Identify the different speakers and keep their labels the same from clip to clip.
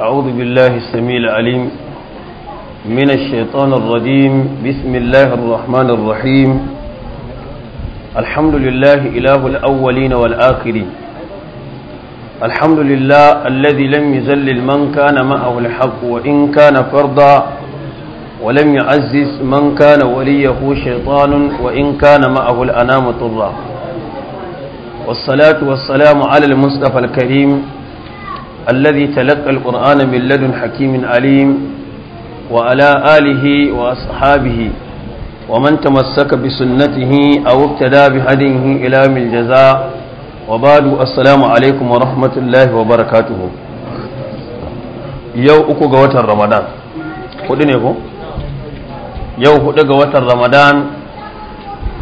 Speaker 1: أعوذ بالله السميع العليم من الشيطان الرجيم بسم الله الرحمن الرحيم الحمد لله إله الأولين والآخرين الحمد لله الذي لم يزل من كان معه الحق وإن كان فرضا ولم يعزز من كان وليه شيطان وإن كان معه الأنام طرا والصلاة والسلام على المصطفى الكريم الذي تلقى القرآن من لدن حكيم عليم وعلى آله وأصحابه ومن تمسك بسنته أو ابتدى بهديه إلى من الجزاء وبعد السلام عليكم ورحمة الله وبركاته يو أكو قوة رمضان قدني أكو يو أكو قوة رمضان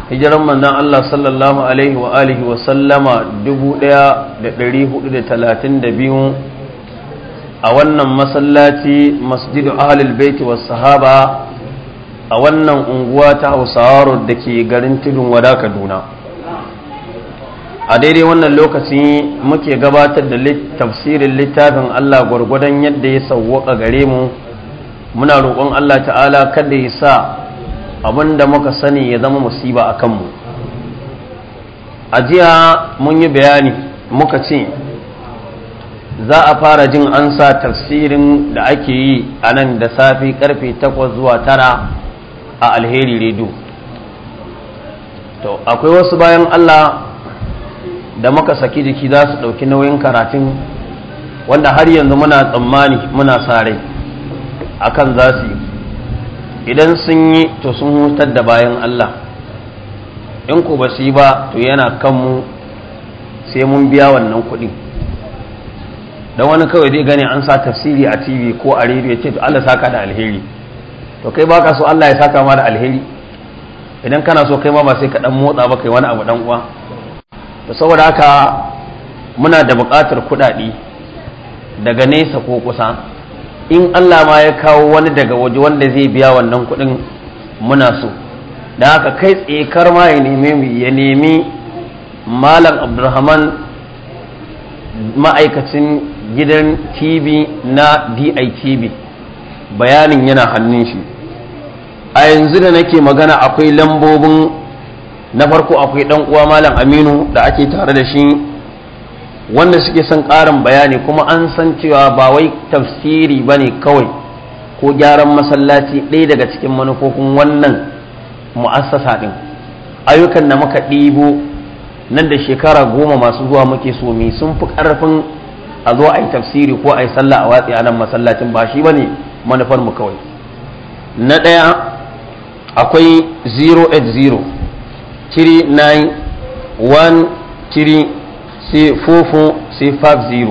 Speaker 1: hijiran manzan Allah sallallahu Alaihi wa alihi wasallama 1432 a wannan masallaci masjidu ahlul baiti was sahaba a wannan unguwa ta hausawa da ke garin tudun wada kaduna a daidai wannan lokaci muke gabatar da tafsirin littafin allah gwargwadon yadda ya sauwaka gare mu muna roƙon allah ta'ala kada ya sa abin da muka sani ya zama musiba a kanmu a jiya mun yi bayani muka ce za a fara jin an sa tafsirin da ake yi a nan da safi karfe 8 zuwa 9 a alheri radio to akwai wasu bayan Allah da muka saki jiki za su ɗauki nauyin karatun wanda har yanzu muna tsammani muna sare akan za su yi idan sun yi to sun hutar da bayan Allah in ku ba su yi ba to yana kanmu sai mun biya wannan kuɗi. dan wani kawai zai gane an sa tafsiri a TV ko a rediyo ya ce to Allah saka da alheri to kai baka so Allah ya saka ma da alheri idan kana so kai ma ba sai ka dan motsa ba kai wani abu dan uwa to saboda haka muna da buƙatar kuɗaɗe daga nesa ko kusa in Allah ma ya kawo wani daga waje wanda zai biya wannan kuɗin muna so da haka kai tsaye kar ma ya nemi ya nemi malam abdulrahman ma'aikacin gidan tv na ditv bayanin yana hannun shi a yanzu da nake magana akwai lambobin na farko akwai dan uwa malam aminu da ake tare da shi wanda suke son karin bayani kuma an san cewa ba wai tafsiri ba ne kawai ko gyaran masallaci ɗaya daga cikin manufofin wannan mu'assasa ɗin ayyukan da muka ɗibo nan da shekara goma masu zuwa muke so mi sun fi ƙarfin a zo a yi tafsiri ko a yi sallah a watsi a nan masallacin ba shi bane manufar mu kawai na ɗaya akwai 080 39 1 3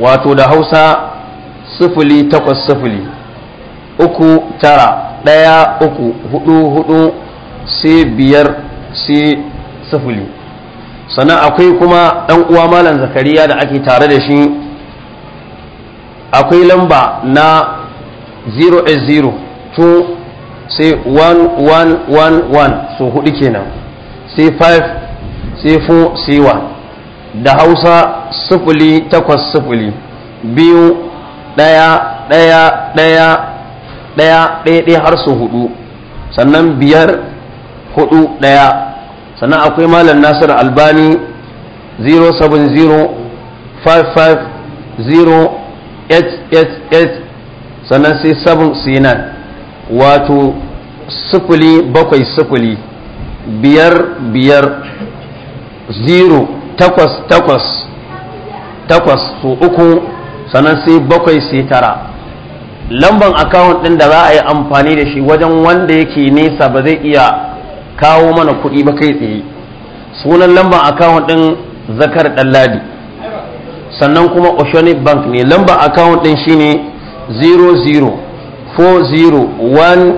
Speaker 1: wato da hausa sifili takwas sifili uku tara ɗaya uku hudu hudu sai biyar sai sifili sannan akwai kuma ɗan uwa malam zakariya da ake tare da shi akwai lamba na 0 to sai 1111 so hudu kenan sai 5 sai 4 sai 1 da hausa sifili takwas sifili biyu ɗaya ɗaya ɗaya ɗaya ɗaya har su hudu sannan biyar hudu ɗaya sannan akwai malam nasir albani 070550888 sannan sai 7 sinan wato sifili bakwai sifili biyar biyar zero takwas takwas takwas su uku sannan sai bakwai sai tara lamban akawun ɗin da za a yi amfani da shi wajen wanda yake nesa ba zai iya kawo mana kuɗi ba kai tsaye sunan lamba account ɗin zakar ɗanladi sannan kuma oceanic bank ne lamba account ɗin shine 004016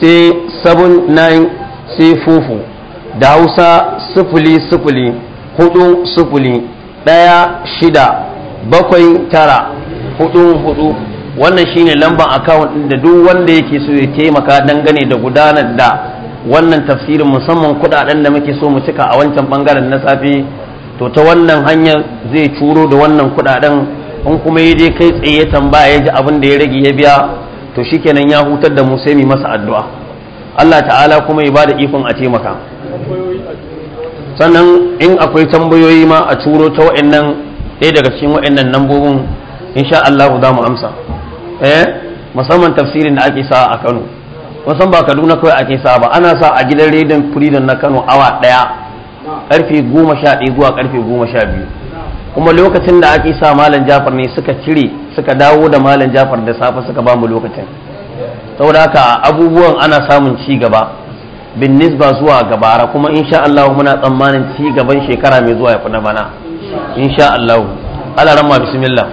Speaker 1: sai 79 da hausa sifili sifili hudu sufuli ɗaya shida bakwai tara hudu hudu wannan shine lambar akawun da duk wanda yake so ya taimaka dangane da gudanar da wannan tafsirin musamman kudaden da muke so mu cika a wancan bangaren na safe to ta wannan hanyar zai curo da wannan kudaden in kuma ya je kai tsaye tambaya ya ji abin da ya rage ya biya to shikenan ya hutar da mu sai mu masa addu'a Allah ta'ala kuma ya ba da ikon a taimaka sannan in akwai tambayoyi ma a curo ta wa'annan ɗaya daga cikin wa'annan lambobin insha Allah za mu amsa eh, musamman tafsirin da ake sa a Kano wasan ba kaduna kawai ake sa ba ana sa a gidan rediyon freedom na kano awa daya karfe goma sha ɗaya zuwa karfe goma sha biyu kuma lokacin da ake sa malam jafar ne suka cire suka dawo da malam jafar da safe suka ba mu lokacin saboda haka abubuwan ana samun ci gaba bin nisba zuwa gabara kuma insha Allah muna tsammanin ci gaban shekara mai zuwa ya fi na bana insha Allah Allah ramma bismillah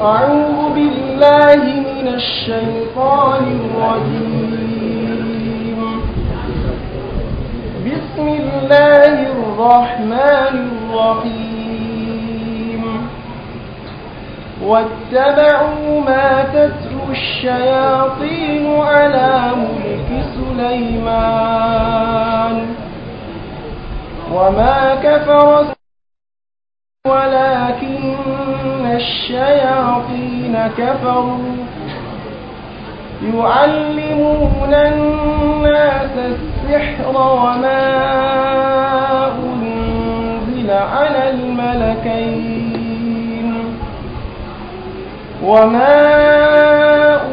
Speaker 2: أعوذ بالله من الشيطان الرجيم بسم الله الرحمن الرحيم واتبعوا ما تتلو الشياطين على ملك سليمان وما كفر ولكن الشياطين كفروا يعلمون الناس السحر وما أنزل على الملكين وما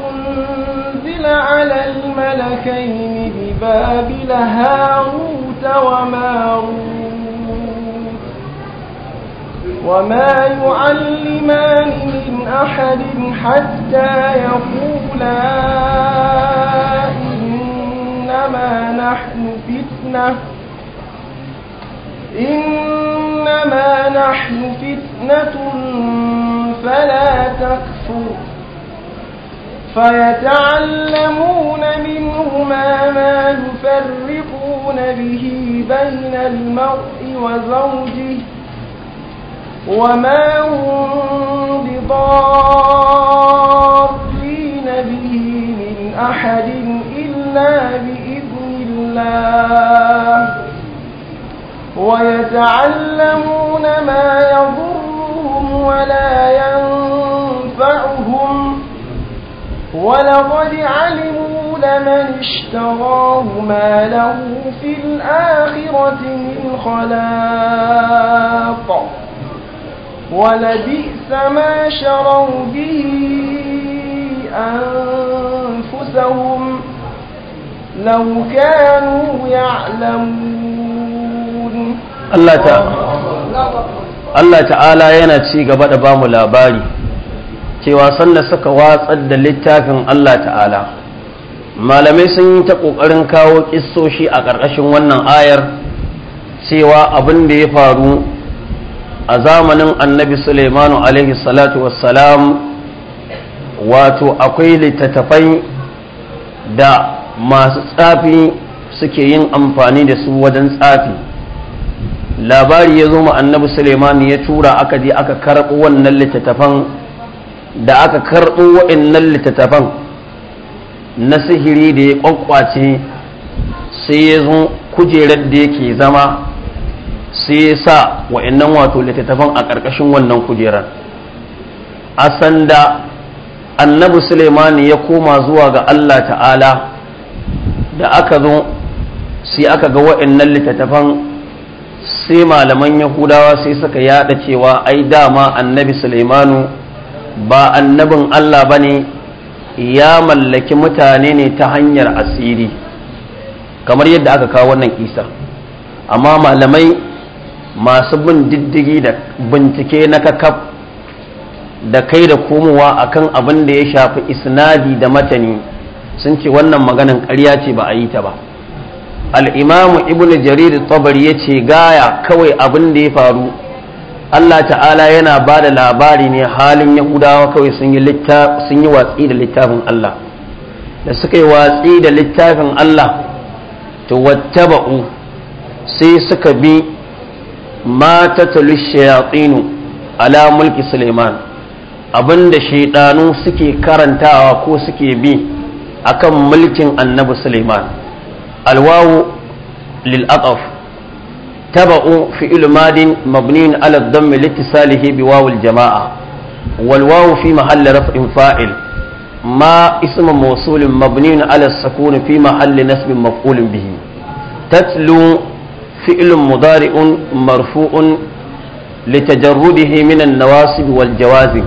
Speaker 2: أنزل على الملكين ببابل هاروت وماروت وما يعلمان من أحد حتى يقولا إنما نحن فتنة إنما نحن فتنة فلا تكفر فيتعلمون منهما ما يفرقون به بين المرء وزوجه وما هم بضارين به من أحد إلا بإذن الله ويتعلمون ما يضرهم ولا ينفعهم ولقد علموا لمن اشتراه ما له في الآخرة من خلاق ولبئس ما شروا به أنفسهم لو كانوا يعلمون
Speaker 1: الله تعالى Allah ta'ala yana ci gaba da bamu labari cewa sanda suka watsar da littafin Allah ta'ala malamai sun yi ta ƙoƙarin kawo ƙissoshi a ƙarƙashin wannan ayar cewa abin da ya faru a zamanin annabi Suleimanu alaihi salatu wassalam wato akwai littattafai da masu tsafi suke yin amfani da su wajen tsafi labari ya zo annabi Suleimanu ya tura aka je aka karɓo wannan littattafan da aka karɓo waɗannan littattafan na sihiri da ya ƙwaƙwace sai ya zo kujerar da yake zama sai ya sa wa'annan wato littattafan a ƙarƙashin wannan kujerar a sanda annabi suleimani ya koma zuwa ga allah ta'ala da aka zo sai aka ga wa'annan littattafan sai malaman yahudawa sai suka yada cewa ai dama annabi suleimanu ba annabin allah ba ne ya mallaki mutane ne ta hanyar asiri kamar yadda aka kawo wannan isa amma malamai masu bin diddigi da bincike na kakaf da kai da komowa akan abin da ya shafi isnadi da matani sun ce wannan maganin karya ce ba a yi ta ba al'imamu ibn jarir tabari ya ce gaya kawai abin da ya faru allah ta'ala yana ba da labari ne halin yahudawa kawai sun yi watsi da littafin allah da suka yi watsi da littafin allah wata ba'u sai suka bi ma tatalu shayatinu ala mulki suleiman abinda shaidanu suke karantawa ko suke bi akan mulkin annabi suleiman alwawu lil taba'u fi'il madin mabniin ala dhamm litisalihi biwawu al jama'a walwawu fi mahalli raf'in fa'il ما اسم موصول مبني على السكون fi محل نسب مفعول bihi تتلو فعل مضارع مرفوع لتجرده من النواصب والجوازم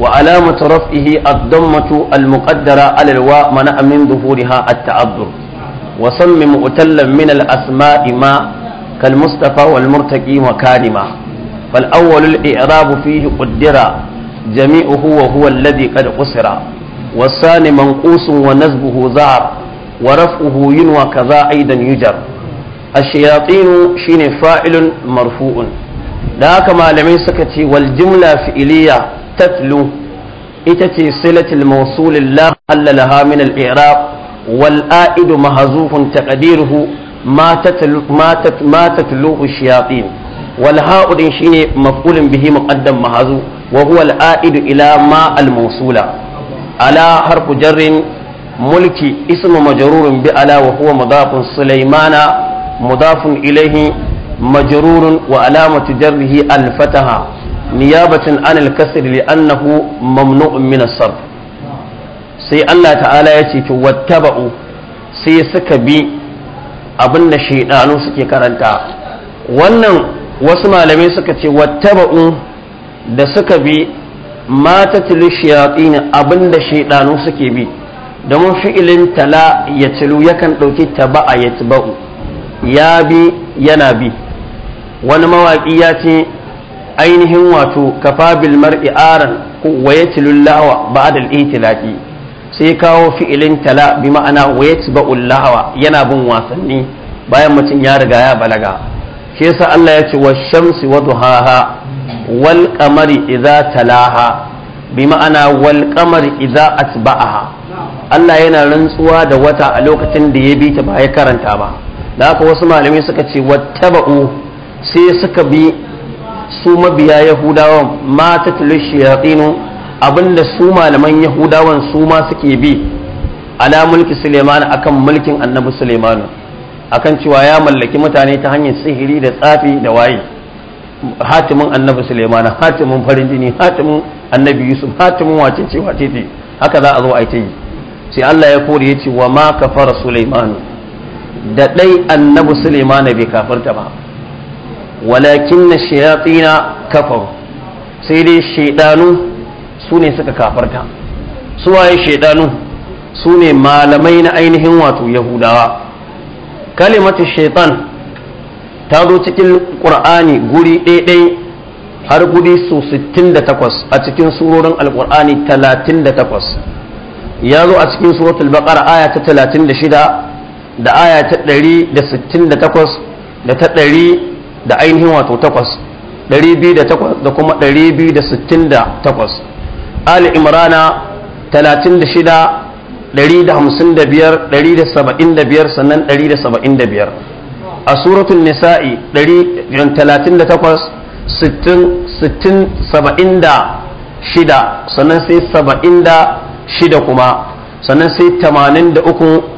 Speaker 1: وعلامة رفعه الضمة المقدرة على الواء منع من ظهورها التعذر وصم مؤتلا من الأسماء ما كالمصطفى والمرتقي وكارمة فالأول الإعراب فيه قدر جميعه وهو الذي قد قصر والثاني منقوص ونزبه زعر ورفعه ينوى كذا أيضا يجر الشياطين شين فاعل مرفوع da haka malamai suka ce wal jumla fi'iliya tatlu ita ce silatul mawsulil la hallalaha min al i'rab wal a'idu mahzufun taqdiruhu ma wal ha'u din shine maf'ulun bihi muqaddam mahzu wa huwa ila ma al mawsula ala har jarrin mulki isma majrurun bi ala wa huwa mudafun sulaymana mudafun ilaihi majarurin wa alamatu jarrihi alfataha, fataha niyabatan an al-kasr li'annahu mamnu'un minasar, sai Allah ta'ala ya ce ki wattaba'u sai suka bi da shaidanu suke karanta wannan wasu malamai suka ce wattaba'u da suka bi mata abin abinda shaidanu suke bi domin fi'ilin tala ya tilu yakan ɗauki taba'a ya tiba'u ya bi yana bi wani mawaƙi ya ce ainihin wato kafa bil mar'i aran wa yatilullaha ba'da al-itilaqi sai kawo fi'ilin tala bi ma'ana wa ullawa yana bin wasanni bayan mutum ya riga ya balaga shi yasa Allah ya ce wa shamsi wa duhaha wal qamari idza talaha bi ma'ana wal qamari idza atba'aha Allah yana rantsuwa da wata a lokacin da ya bi ta ba ya karanta ba da haka wasu malamai suka ce wattaba'u sai suka bi su mabiya yahudawan ma ta shayatinu abinda su malaman yahudawan su ma suke bi ala mulki suleiman akan mulkin annabi suleimanu akan cewa ya mallaki mutane ta hanyar sihiri da tsafi da waye hatimin annabi suleimana hatimin farin jini hatimin annabi yusuf hatimin cewa wacece haka za a zo a yi ta yi sai allah ya kore ya ce wa ma kafara suleimanu da ɗai annabi Suleimana bai kafarta ba walakin na shayatina kafaru sai dai shaidanu su ne suka kafarta su waye shaidanu su ne malamai na ainihin wato yahudawa kalimatu shaitan ta zo cikin ƙur'ani guri ɗaiɗai har guri su 68 a cikin surorin alƙur'ani 38 ya zo a cikin suratul baqara aya ta 36 da aya ta ɗari da sittin da takwas da ta ɗari da ainihin wato takwas ɗari biyu da takwas da kuma ɗari biyu da sittin da takwas ali imrana talatin da shida ɗari da hamsin da biyar ɗari da saba'in da biyar sannan ɗari da saba'in da biyar a suratun nisa'i ɗari eh, talatin da takwas sittin saba'in da shida sannan sai saba'in da shida kuma sannan sai tamanin da uku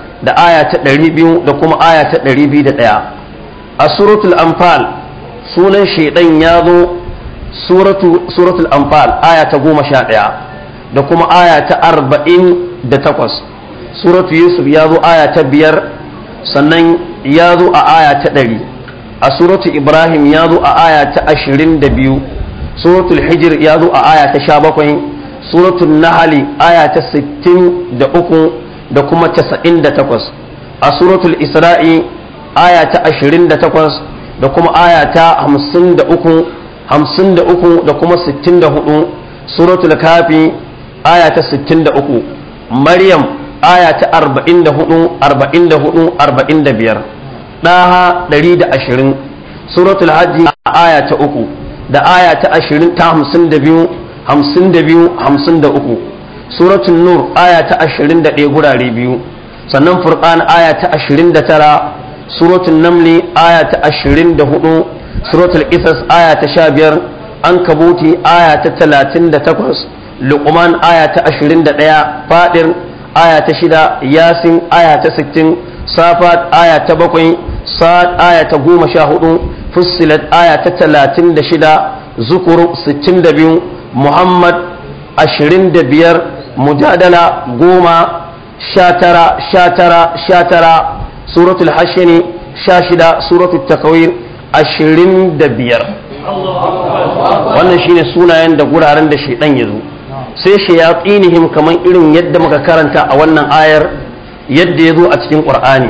Speaker 1: da aya ta 200 da kuma aya ta 201 a suratul anfal sunan shaidan ya zo suratul anfal aya ta 11 da kuma aya ta 48 suratul yusuf ya zo aya ta 5 sannan ya zo a aya ta 100 a suratul ibrahim ya zo a aya ta 22 suratul hijir ya zo a aya ta 17 suratul nahali aya ta 63 da kuma 98 a suratul isra'i aya ta 28 da kuma aya ta 53 53 da kuma 64 suratul kafi aya ta 63 maryam aya ta 44 44 45 daha 120 suratul hajji aya ta 3 da aya ta 20 ta 52 52 53 Suratun nur aya ta ɗaya gurare biyu sannan furqan aya ta tara Suratun namli aya ta 24 suratul qisas aya ta 15 ankabuti aya ta takwas luqman aya ta 21 fadir aya ta 6 yasin aya ta 60 safat aya ta 7 sa'ad aya ta 14 fussilat aya ta sittin da biyu muhammad biyar. mujadala goma sha tara sha tara sha tara suratul hashini suratul takawir ashirin da biyar wannan shine sunayen da guraren da shaidan ya zo sai shayatinihim kamar irin yadda muka karanta a wannan ayar yadda ya zo a cikin qur'ani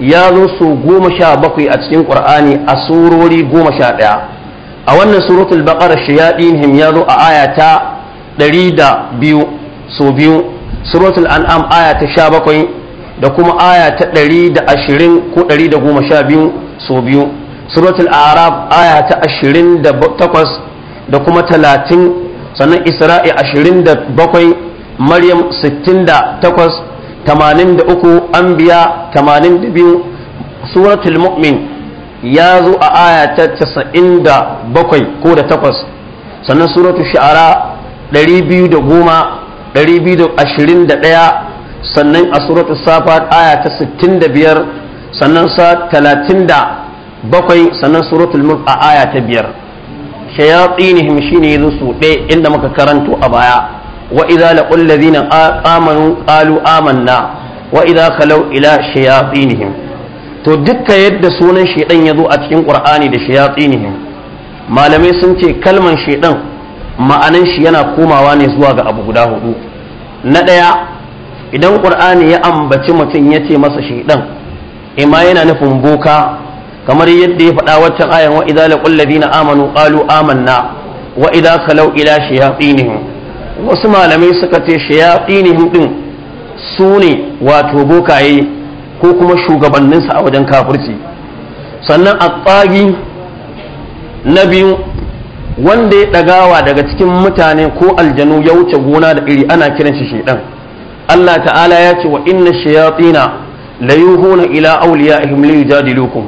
Speaker 1: ya zo su goma sha bakwai a cikin qur'ani a surori goma sha ɗaya a wannan suratul baqara shayatinihim ya zo a aya ta ɗari da biyu so biyu suratul an'am aya ta sha bakwai da kuma aya ta ɗari da ashirin ko ɗari da goma sha biyu so biyu suratul arab aya ta ashirin da takwas da kuma talatin sannan isra'i ashirin da bakwai maryam sittin da takwas tamanin da uku an biya tamanin da biyu suratul mu'min ya zo a aya ta casa'in da bakwai ko da takwas sannan suratul sha'ara ɗari biyu da goma 221 sannan a suratul safat aya ta 65 sannan sa 37 sannan suratul mulk a aya ta 5 shayatinihim shine yanzu su ɗaya inda muka karanto a baya wa idza laqul ladina amanu qalu amanna wa idza khalu ila shayatinihim to dukkan yadda sunan shedan yazo a cikin qur'ani da shayatinihim malamai sun ce kalman shedan ma'anan shi yana komawa ne zuwa ga abu guda hudu na ɗaya idan ƙur'ani ya ambaci mutum ya ce masa shaidan ima eh yana nufin boka kamar yadda ya faɗa waccan ayan wa idza laqul ladina amanu qalu amanna wa idza kalau ila shayatinihim wasu malamai suka ce shayatinihim din su ne wato bokaye ko kuma shugabanninsa a wajen kafirci sannan a tsagi na biyu wanda ya ɗagawa daga cikin mutane ko aljanu ya wuce gona da iri ana kiran shi shaidan Allah ta'ala ya ce wa inna shayatina la yuhuna ila awliyaihim li yujadilukum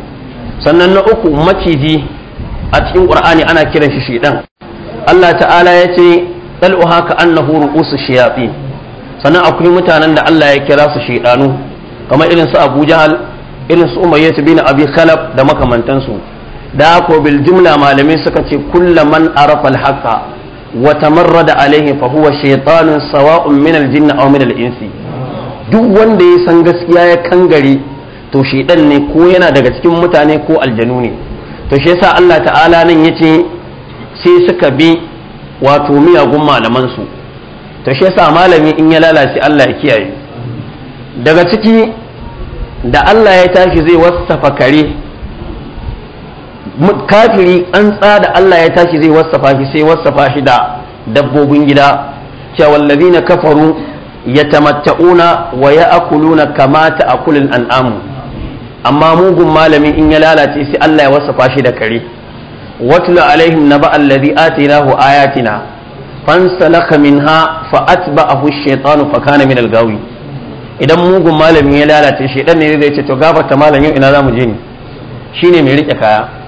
Speaker 1: sannan na uku maciji a cikin qur'ani ana kiran shi shaidan Allah ta'ala ya ce dalu haka annahu ru'usu shayatin sannan akwai mutanen da Allah ya kira su shaidanu kamar irin su Abu Jahal irin su Umayyah bin Abi Khalaf da makamantansu da ko bil jumla malamai suka ce kulla man arafa al-haqa wa tamarrada alaihi fa huwa shaytanun sawa'un min al-jinni aw min al-insi duk wanda ya san gaskiya ya kangare to shaydan ne ko yana daga cikin mutane ko aljanu ne to shi yasa Allah ta'ala nan yace sai suka bi wato miyagun malaman su to shi yasa malami in ya lalace Allah ya kiyaye daga ciki da Allah ya tashi zai wasafa kare kafiri an tsada Allah ya tashi zai wasafa shi sai wasafa shi da dabbobin gida cewa na kafaru ya tamatta'una wa kamata a kulin an'amu amma mugun malamin in ya lalace sai Allah ya wasafa shi da kare watlu alaihim ba allazi atinahu ayatina fansalaka minha fa atba'ahu ash-shaytanu fa kana min al-gawi idan mugun malamin ya lalace shedan ne zai ce to gafarta malamin ina za mu je ni shine mai rike kaya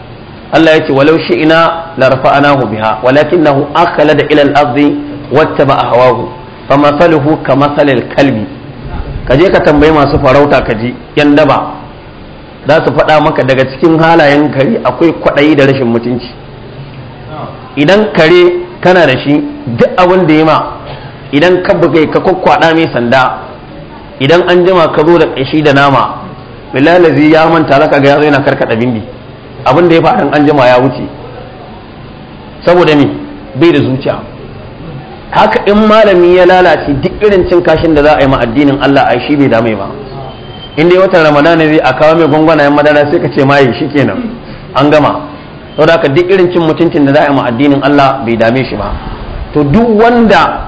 Speaker 1: Allah ya ce walau ina la hu biha walakin walakinahu akala da ilal ardi wattaba ahwahu ka masalil kalbi ka je ka tambayi masu farauta ka ji yan daba za su faɗa maka daga cikin halayen kare akwai kwaɗayi da rashin mutunci idan kare kana da shi duk abin da ya ma idan ka bugai ka kwakwaɗa mai sanda idan an jima ka zo da ƙashi da nama bilalazi ya manta zaka ga ya zo yana karkaɗa bindi abin da ya faɗin an jima ya wuce saboda ni bai da zuciya haka in malami ya lalace duk irin cin kashin da za a yi ma addinin Allah a shi bai dame ba in dai watan ramadana zai a kawo mai gwangwanayen madara sai ka ce ma yi shi kenan an gama saboda haka duk irin cin mutuncin da za a yi ma Allah bai dame shi ba to duk wanda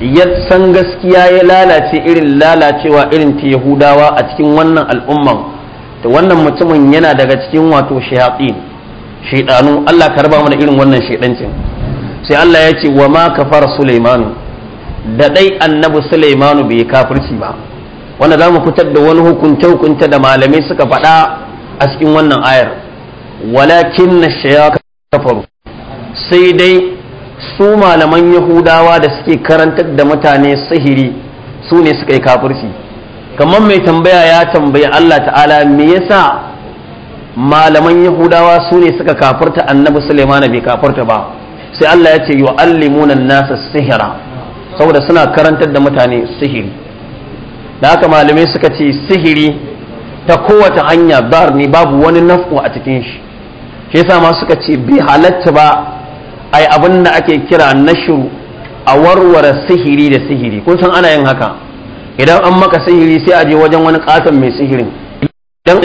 Speaker 1: ya san gaskiya ya lalace irin lalacewa irin ta yahudawa a cikin wannan al'umman to wannan mutumin yana daga cikin wato shayatin shaidanu Allah ka raba mana irin wannan shaidancin sai Allah ya ce wa ma kafara suleimanu da dai annabi Suleimanu bai kafirci ba wanda za mu fitar da wani hukunta-hukunta da malamai suka faɗa a cikin wannan ayar walakin na shayaka kafaru sai dai su malaman yahudawa da suke karantar da mutane sihiri su ne suka yi kafirci kamar mai tambaya ya tambayi Allah ta'ala me yasa malaman yahudawa su ne suka kafarta annabi suleiman bai kafarta ba sai Allah ya ce allimuna nasa sihira saboda suna karantar da mutane sihiri da haka malamai suka ce sihiri ta kowace hanya bar ne babu wani naf'u a cikin shi shi yasa ma suka ce bi halatta ba ai abin da ake kira shiru a warware sihiri da sihiri kun san ana yin haka idan an maka sihiri sai a je wajen wani katon mai sihirin idan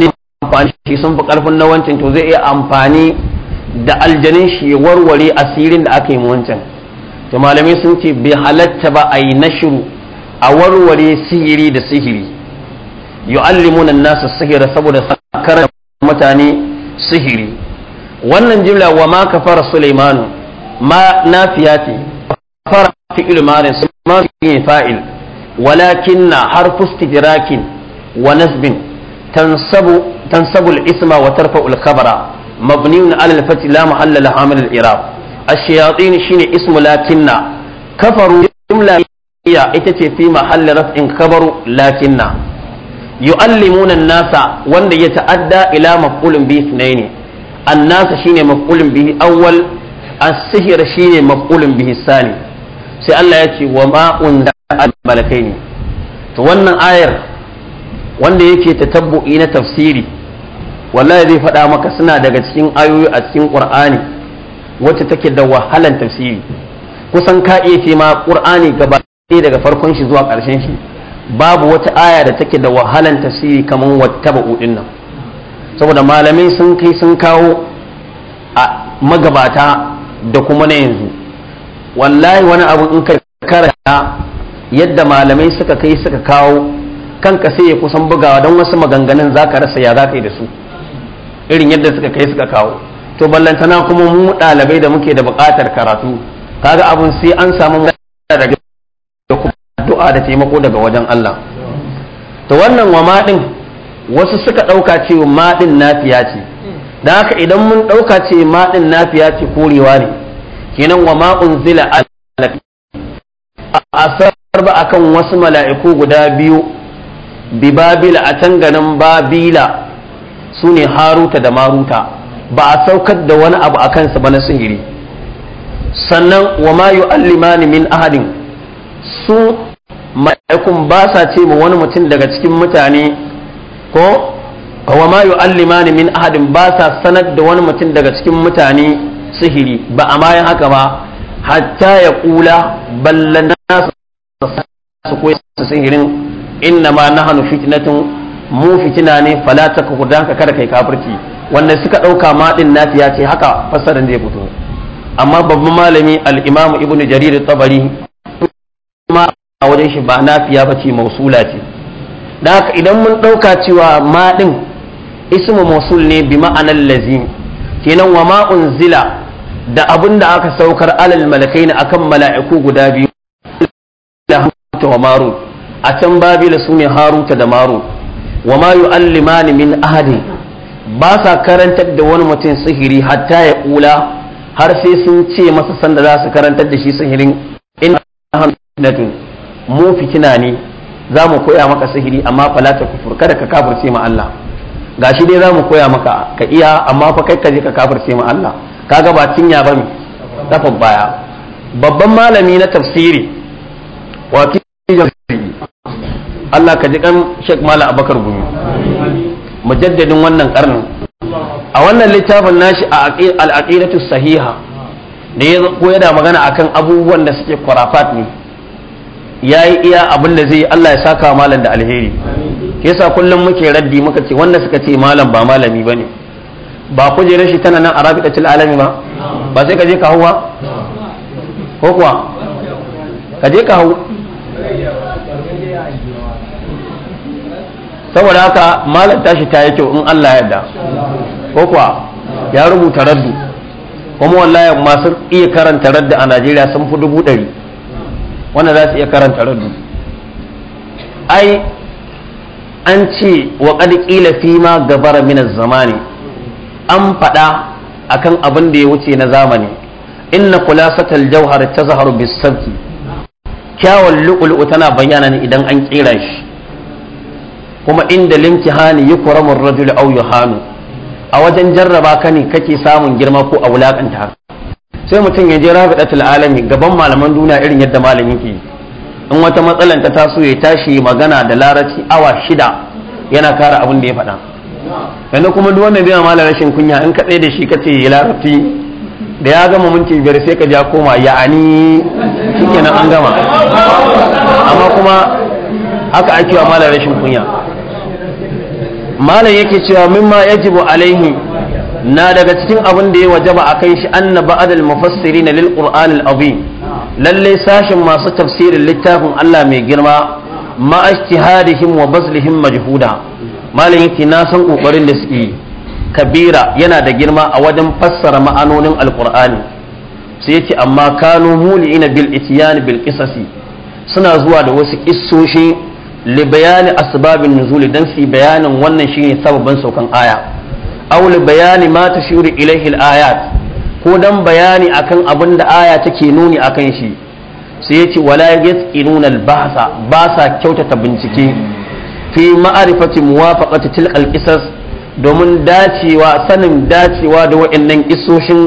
Speaker 1: da amfani shi sun fi karfin na wancan to zai iya amfani da aljanin shi warware asirin da aka yi wancan to malamai sun ce bai halatta ba a yi nashiru a warware sihiri da sihiri nan nasa sihira saboda sakar mutane sihiri wannan jimla wa ma kafara sulaimanu ma nafiya ce kafara fi'il marin ma fa'il walakinna harfu istidrakin wa nasbin tansabu tansabu al-isma wa tarfa'u al mabnin mabniun ala al-fath la mahalla la hamil al-i'rab ash-shayatin shine ismu lakinna kafaru jumla iya ita ce fi kabaru raf'in khabaru lakinna yu'allimuna an-nasa wanda ya ta'adda ila maf'ulin bi ithnaini an-nasa shine maf'ulun bihi awwal as-sihr shine maf'ulun bihi sani sai Allah ya ce wa ma malakai ne to wannan ayar wanda yake ta tatabbu'i na tafsiri wallahi zai faɗa maka suna daga cikin ayoyi a cikin qur'ani wacce take da wahalan tafsiri kusan ka iya ce ma qur'ani gaba daga farkon shi zuwa ƙarshen shi babu wata aya da take da wahalan tafsiri kamar wata ba'udin nan saboda malamai sun kai sun kawo a magabata da kuma na yanzu wallahi wani abu in ka karanta yadda malamai suka kai suka kawo kanka sai ya kusan bugawa don wasu maganganun za ka rasa ya za ka yi da su irin yadda suka kai suka kawo to ballantana kuma mu ɗalibai da muke da buƙatar karatu kaga abun sai an samu daga addu'a da taimako daga wajen Allah to wannan wa maɗin wasu suka ɗauka cewa maɗin nafiya ce da haka idan mun ɗauka ce maɗin nafiya ce korewa ne kenan wa ma'un zila a asar ba akan wasu mala'iku guda biyu Bibabila a can ganin babila su ne haruta da maruta ba a saukar da wani abu a kansa ba na sihiri sannan wa ma yu'allimani min ahadin su mala'ikun ba sa ce ma wani mutum daga cikin mutane ko wa ma yu'allimani min ahadin ba sa sanar da wani mutum daga cikin mutane sihiri ba a mayan haka ba hatta ya kula ballana su koyi su sihirin inna ma nahnu fitnatun mu fitina ne fala takku dan ka kada kai kafirci wanda suka ɗauka maɗin din nafiya ce haka fassaran da ya fito amma babban malami al-Imam Ibnu Jarir tabari ma a wajen shi ba nafiya ba ce mausula ce Da haka idan mun ɗauka cewa maɗin din ismu mausul ne bi ma'anar lazim kenan wa ma unzila da abin da aka saukar alal malakai ne akan mala'iku guda biyu haruta wa maru a can babila su ne haruta da maru wa ma yu'allimani min ahadi ba sa karantar da wani mutum sihiri hatta ya kula har sai sun ce masa sanda za su karantar da shi sihirin in hanatun mu fitina ne za mu koya maka sihiri amma fala ta kufur kada ka kafirce ma Allah gashi dai za mu koya maka ka iya amma fa kai ka je ka kafirce ma Allah kaga ba cinya ba ne kafin baya babban malami na tafsiri wato Allah ka ji kan Sheikh Malam Abakar Gumi mujaddadin wannan karni. a wannan littafin nashi a al-aqidatu sahiha da ya ko da magana akan abubuwan da suke kurafat ne yayi iya abin da zai Allah ya saka malam da alheri yasa kullum muke raddi muka ce wanda suka ce malam ba malami bane ba kujerar shi tana nan a rafiqatul alami ba ba sai ka je ka hawa ko kuwa ka je ka hawa saboda haka malam tashi ta yi kyau in Allah ya da ko kuwa ya rubuta raddu kuma wallahi masu iya karanta raddu a Najeriya sun fi dubu ɗari wanda za su iya karanta raddu ai an ce wa kad qila fi ma gabara min zamani an faɗa akan abin da ya wuce na zamani inna jauhar jawhar tazharu bis sabki lu'u-lu'u tana bayyana ne idan an kira shi kuma inda limtihani yukramu ar-rajulu aw yuhanu a wajen jarraba ka ne kake samun girma ko a wulakanta sai mutum ya je rabidatul alami gaban malaman duniya irin yadda malamin ke in wata matsalan ta so ya tashi magana da larabci awa shida yana kara abin da ya faɗa yanzu kuma duk wanda zai malar rashin kunya in ka da shi kace ya larabci da ya gama minti biyar sai ka ja koma ya'ani shikenan an gama amma kuma
Speaker 2: haka ake wa malar rashin kunya
Speaker 1: malam yake cewa mimma yajibu alaihi na daga cikin abin da ya wajaba a kai shi annaba adal mufassiri na qur'an al lalle sashin masu tafsirin littafin Allah mai girma ma ijtihadihim wa bazlihim majhuda malam yake na san kokarin da suke kabira yana da girma a wajen fassara ma'anonin alqur'ani sai yace amma kanu muli'ina bil ityan bil qisasi suna zuwa da wasu kissoshi li bayani asbabin nuzuli dan su bayanin wannan shine sababin saukan aya aw li bayani ma tashiru ilayhi al-ayat ko dan bayani akan abin da aya take nuni akan shi sai yace wala yasqinuna al basa ba sa kyautata bincike fi ma'rifati muwafaqati ta al-qisas domin dacewa sanin dacewa da wa'annan isoshin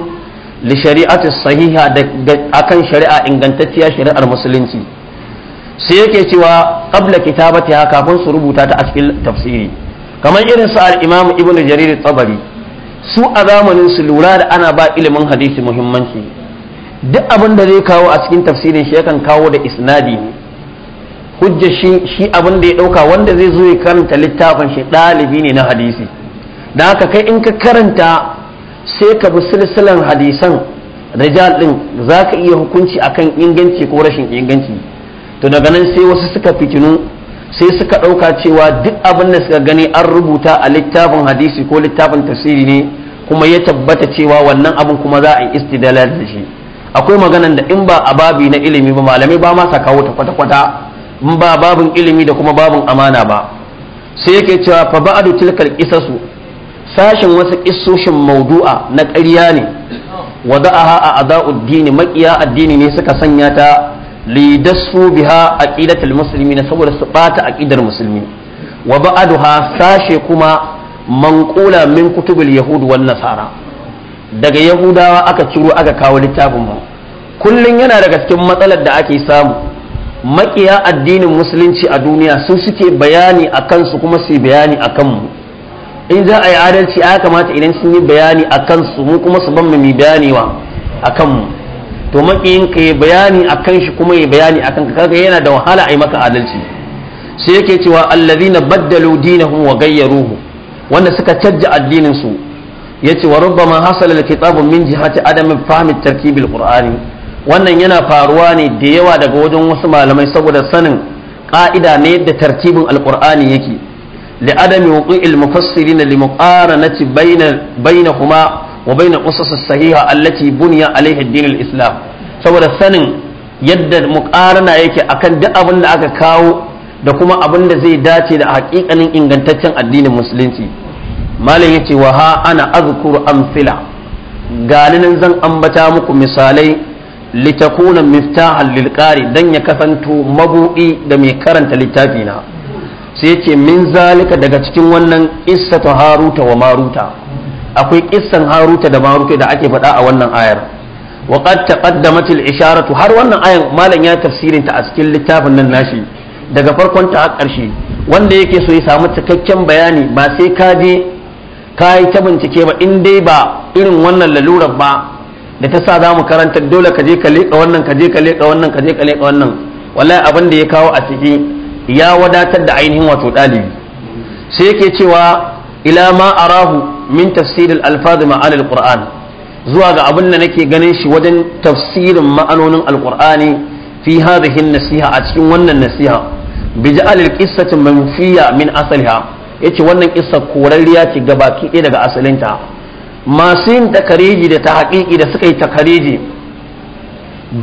Speaker 1: li shari'ati sahiha akan shari'a ingantacciya shari'ar musulunci sai yake cewa qabla ha kafin su rubuta ta a tafsiri kamar irin su al-Imam Ibn Jarir tsabari su a zamanin su lura da ana ba ilimin hadisi muhimmanci duk abin da zai kawo a cikin tafsirin shi yakan kawo da isnadi ne hujja shi shi abin da ya dauka wanda zai zo ya karanta littafin shi dalibi ne na hadisi dan haka kai in ka karanta sai ka bi silsilan hadisan rijal din zaka iya hukunci akan inganci ko rashin inganci to daga nan sai wasu suka fitinu sai suka ɗauka cewa duk abin da suka gani an rubuta a littafin hadisi ko littafin tasiri ne kuma ya tabbata cewa wannan abin kuma za a yi istidalal da shi akwai magana da in ba a babi na ilimi ba malamai ba ma sa kawo ta kwata-kwata in ba babin ilimi da kuma babin amana ba sai yake cewa fa ba'adu tilkal qisasu sashin wasu qissoshin maudu'a na ƙarya ne wada'aha a ada'ud dini maƙiya addini ne suka sanya ta lidasu biha aqidatul muslimin saboda su bata aqidar musulmi wa ba'daha sashe kuma manqula min kutubul yahud wan nasara daga yahudawa aka ciro aka kawo littafin mu kullun yana daga cikin matsalar da ake samu makiya addinin musulunci a duniya sun suke bayani akan su kuma su bayani akan mu in za a yi adalci ya kamata idan sun yi bayani akan su mu kuma su ban mu bayani wa akan mu to makiyin ka yi bayani akan shi kuma yi bayani a ka kaga yana da wahala a yi maka adalci sai yake cewa allazina baddalu dinahum wa gayyaruhu wanda suka canja addinin su ce wa rubbama hasala kitabun min jihati adam fahmi tarkib al-qur'ani wannan yana faruwa ne da yawa daga wajen wasu malamai saboda sanin ka'ida ne yadda tartibin al yake li adami wuqi'il mufassirin li muqaranati bayna bainahuma wa bayna qusas sahiha allati buniya alaihi ad al-islam saboda sanin yadda muqarana yake akan duk abin da aka kawo da kuma abin da zai dace da hakikanin ingantaccen addinin musulunci malam yace wa ha ana azkuru amsila galinin zan ambata muku misalai litakuna miftahan lilqari dan ya kasanto mabuɗi da mai karanta littafi na sai yace min zalika daga cikin wannan ta haruta wa maruta akwai kissan haruta da maruta da ake faɗa a wannan ayar wa qad taqaddamat al isharatu har wannan ayar malam ya tafsirin a cikin littafin nan nashi daga farkon ta har ƙarshe wanda yake so ya samu cikakken bayani ba sai ka je ka yi ta bincike ba in dai ba irin wannan lalurar ba da ta sa za karanta dole ka je ka leka wannan ka je ka leka wannan ka je ka leka wannan wallahi abin da ya kawo a ciki ya wadatar da ainihin wato ɗalibi sai yake cewa ila ma arahu min tafsirin alfadu ma'anar qur'an zuwa ga abin da nake ganin shi wajen tafsirin ma'anonin alqur'ani fi hadhihi nasiha a cikin wannan nasiha bi ja'alil qissati manfiya min asaliha yace wannan kissa korarriya ce gabaki ɗaya daga asalinta masu yin takariji da ta tahqiqi da suka yi takariji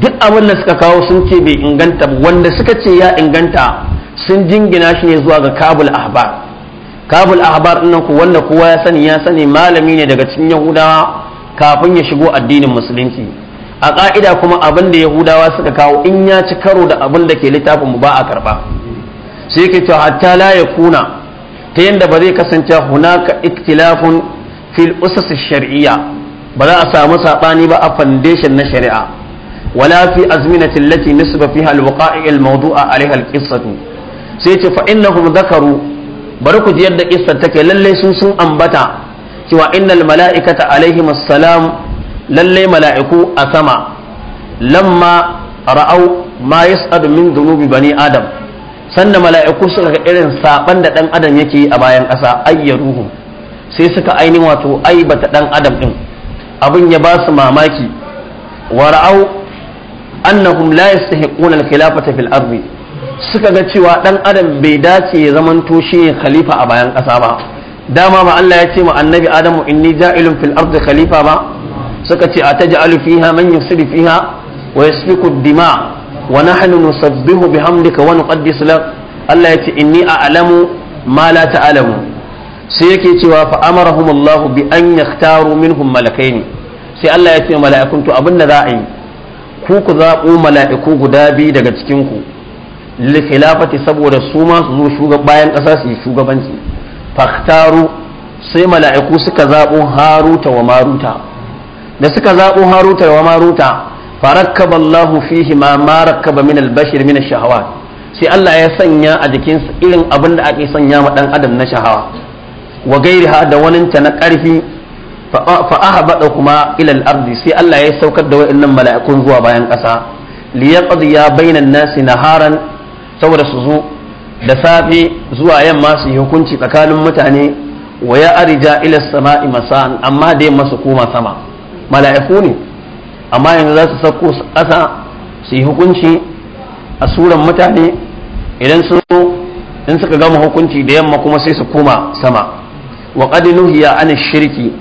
Speaker 1: duk abin da suka kawo sun ce bai inganta wanda suka ce ya inganta sun jingina shi ne zuwa ga kabul ahbar kabul ahbar nan ku wanda kowa ya sani ya sani malami ne daga cikin yahudawa kafin ya shigo addinin musulunci a ka'ida kuma abin da yahudawa suka kawo in ya ci karo da abin da ke littafin mu ba a karba sai yake cewa hatta la ta yanda ba zai kasance hunaka iktilafun fil usas shar'iyya ba za a samu sabani ba a foundation na shari'a wala fi azminatin lati nisba fiha alwaqa'i almawdu'a alaiha alqissatu sai ce fa innahum dhakaru bari ku ji yadda kissar take lalle su sun ambata cewa innal mala'ikata alaihim assalam lalle mala'iku a sama lamma ra'au ma yas'adu min dhunubi bani adam sanda mala'iku suka ga irin saban da dan adam yake a bayan ƙasa ayyaruhu sai suka aini wato aibata dan adam din abin ya ba su mamaki wa ra'au annahum la yastahiquna al-khilafata fil ardi suka ga cewa dan adam bai dace ya zaman toshe khalifa a bayan ƙasa ba dama ba Allah ya ce mu annabi adamu inni ja'ilun fil ardi khalifa ba suka ce a taj'alu fiha man yufsidu fiha wa yasfiku dima wa nahnu nusabbihu bihamdika wa nuqaddisu lak Allah ya ce inni a'lamu ma la ta'lamu sai yake cewa fa rahumallahu bi an yaktaru minhum malakaini sai Allah ya ce mala'ikun to abinda za a yi ku ku zaɓo mala'iku guda biyu daga cikin ku lilkhilafati saboda su ma su zo bayan ƙasa su yi shugabanci faktaru sai mala'iku suka zaɓo haruta wa maruta da suka zaɓo haruta wa maruta farakkaba Allahu fihi ma ma min albashir min shahawat sai Allah ya sanya a jikinsa irin abin da ake sanya ma dan adam na shahawa wa gairiha da waninta na ƙarfi fa ahbada kuma ila al-ardi sai Allah ya saukar da wayannan mala'ikun zuwa bayan ƙasa liyaqdi ya bainan nasi naharan saboda su zo da safe zuwa yamma su yi hukunci tsakanin mutane wa ya arija ila sama'i masan amma da yamma su koma sama mala'iku ne amma yanzu za su sauko ƙasa su yi hukunci a suran mutane idan sun zo in suka gama hukunci da yamma kuma sai su koma sama wa qad nuhiya an shirki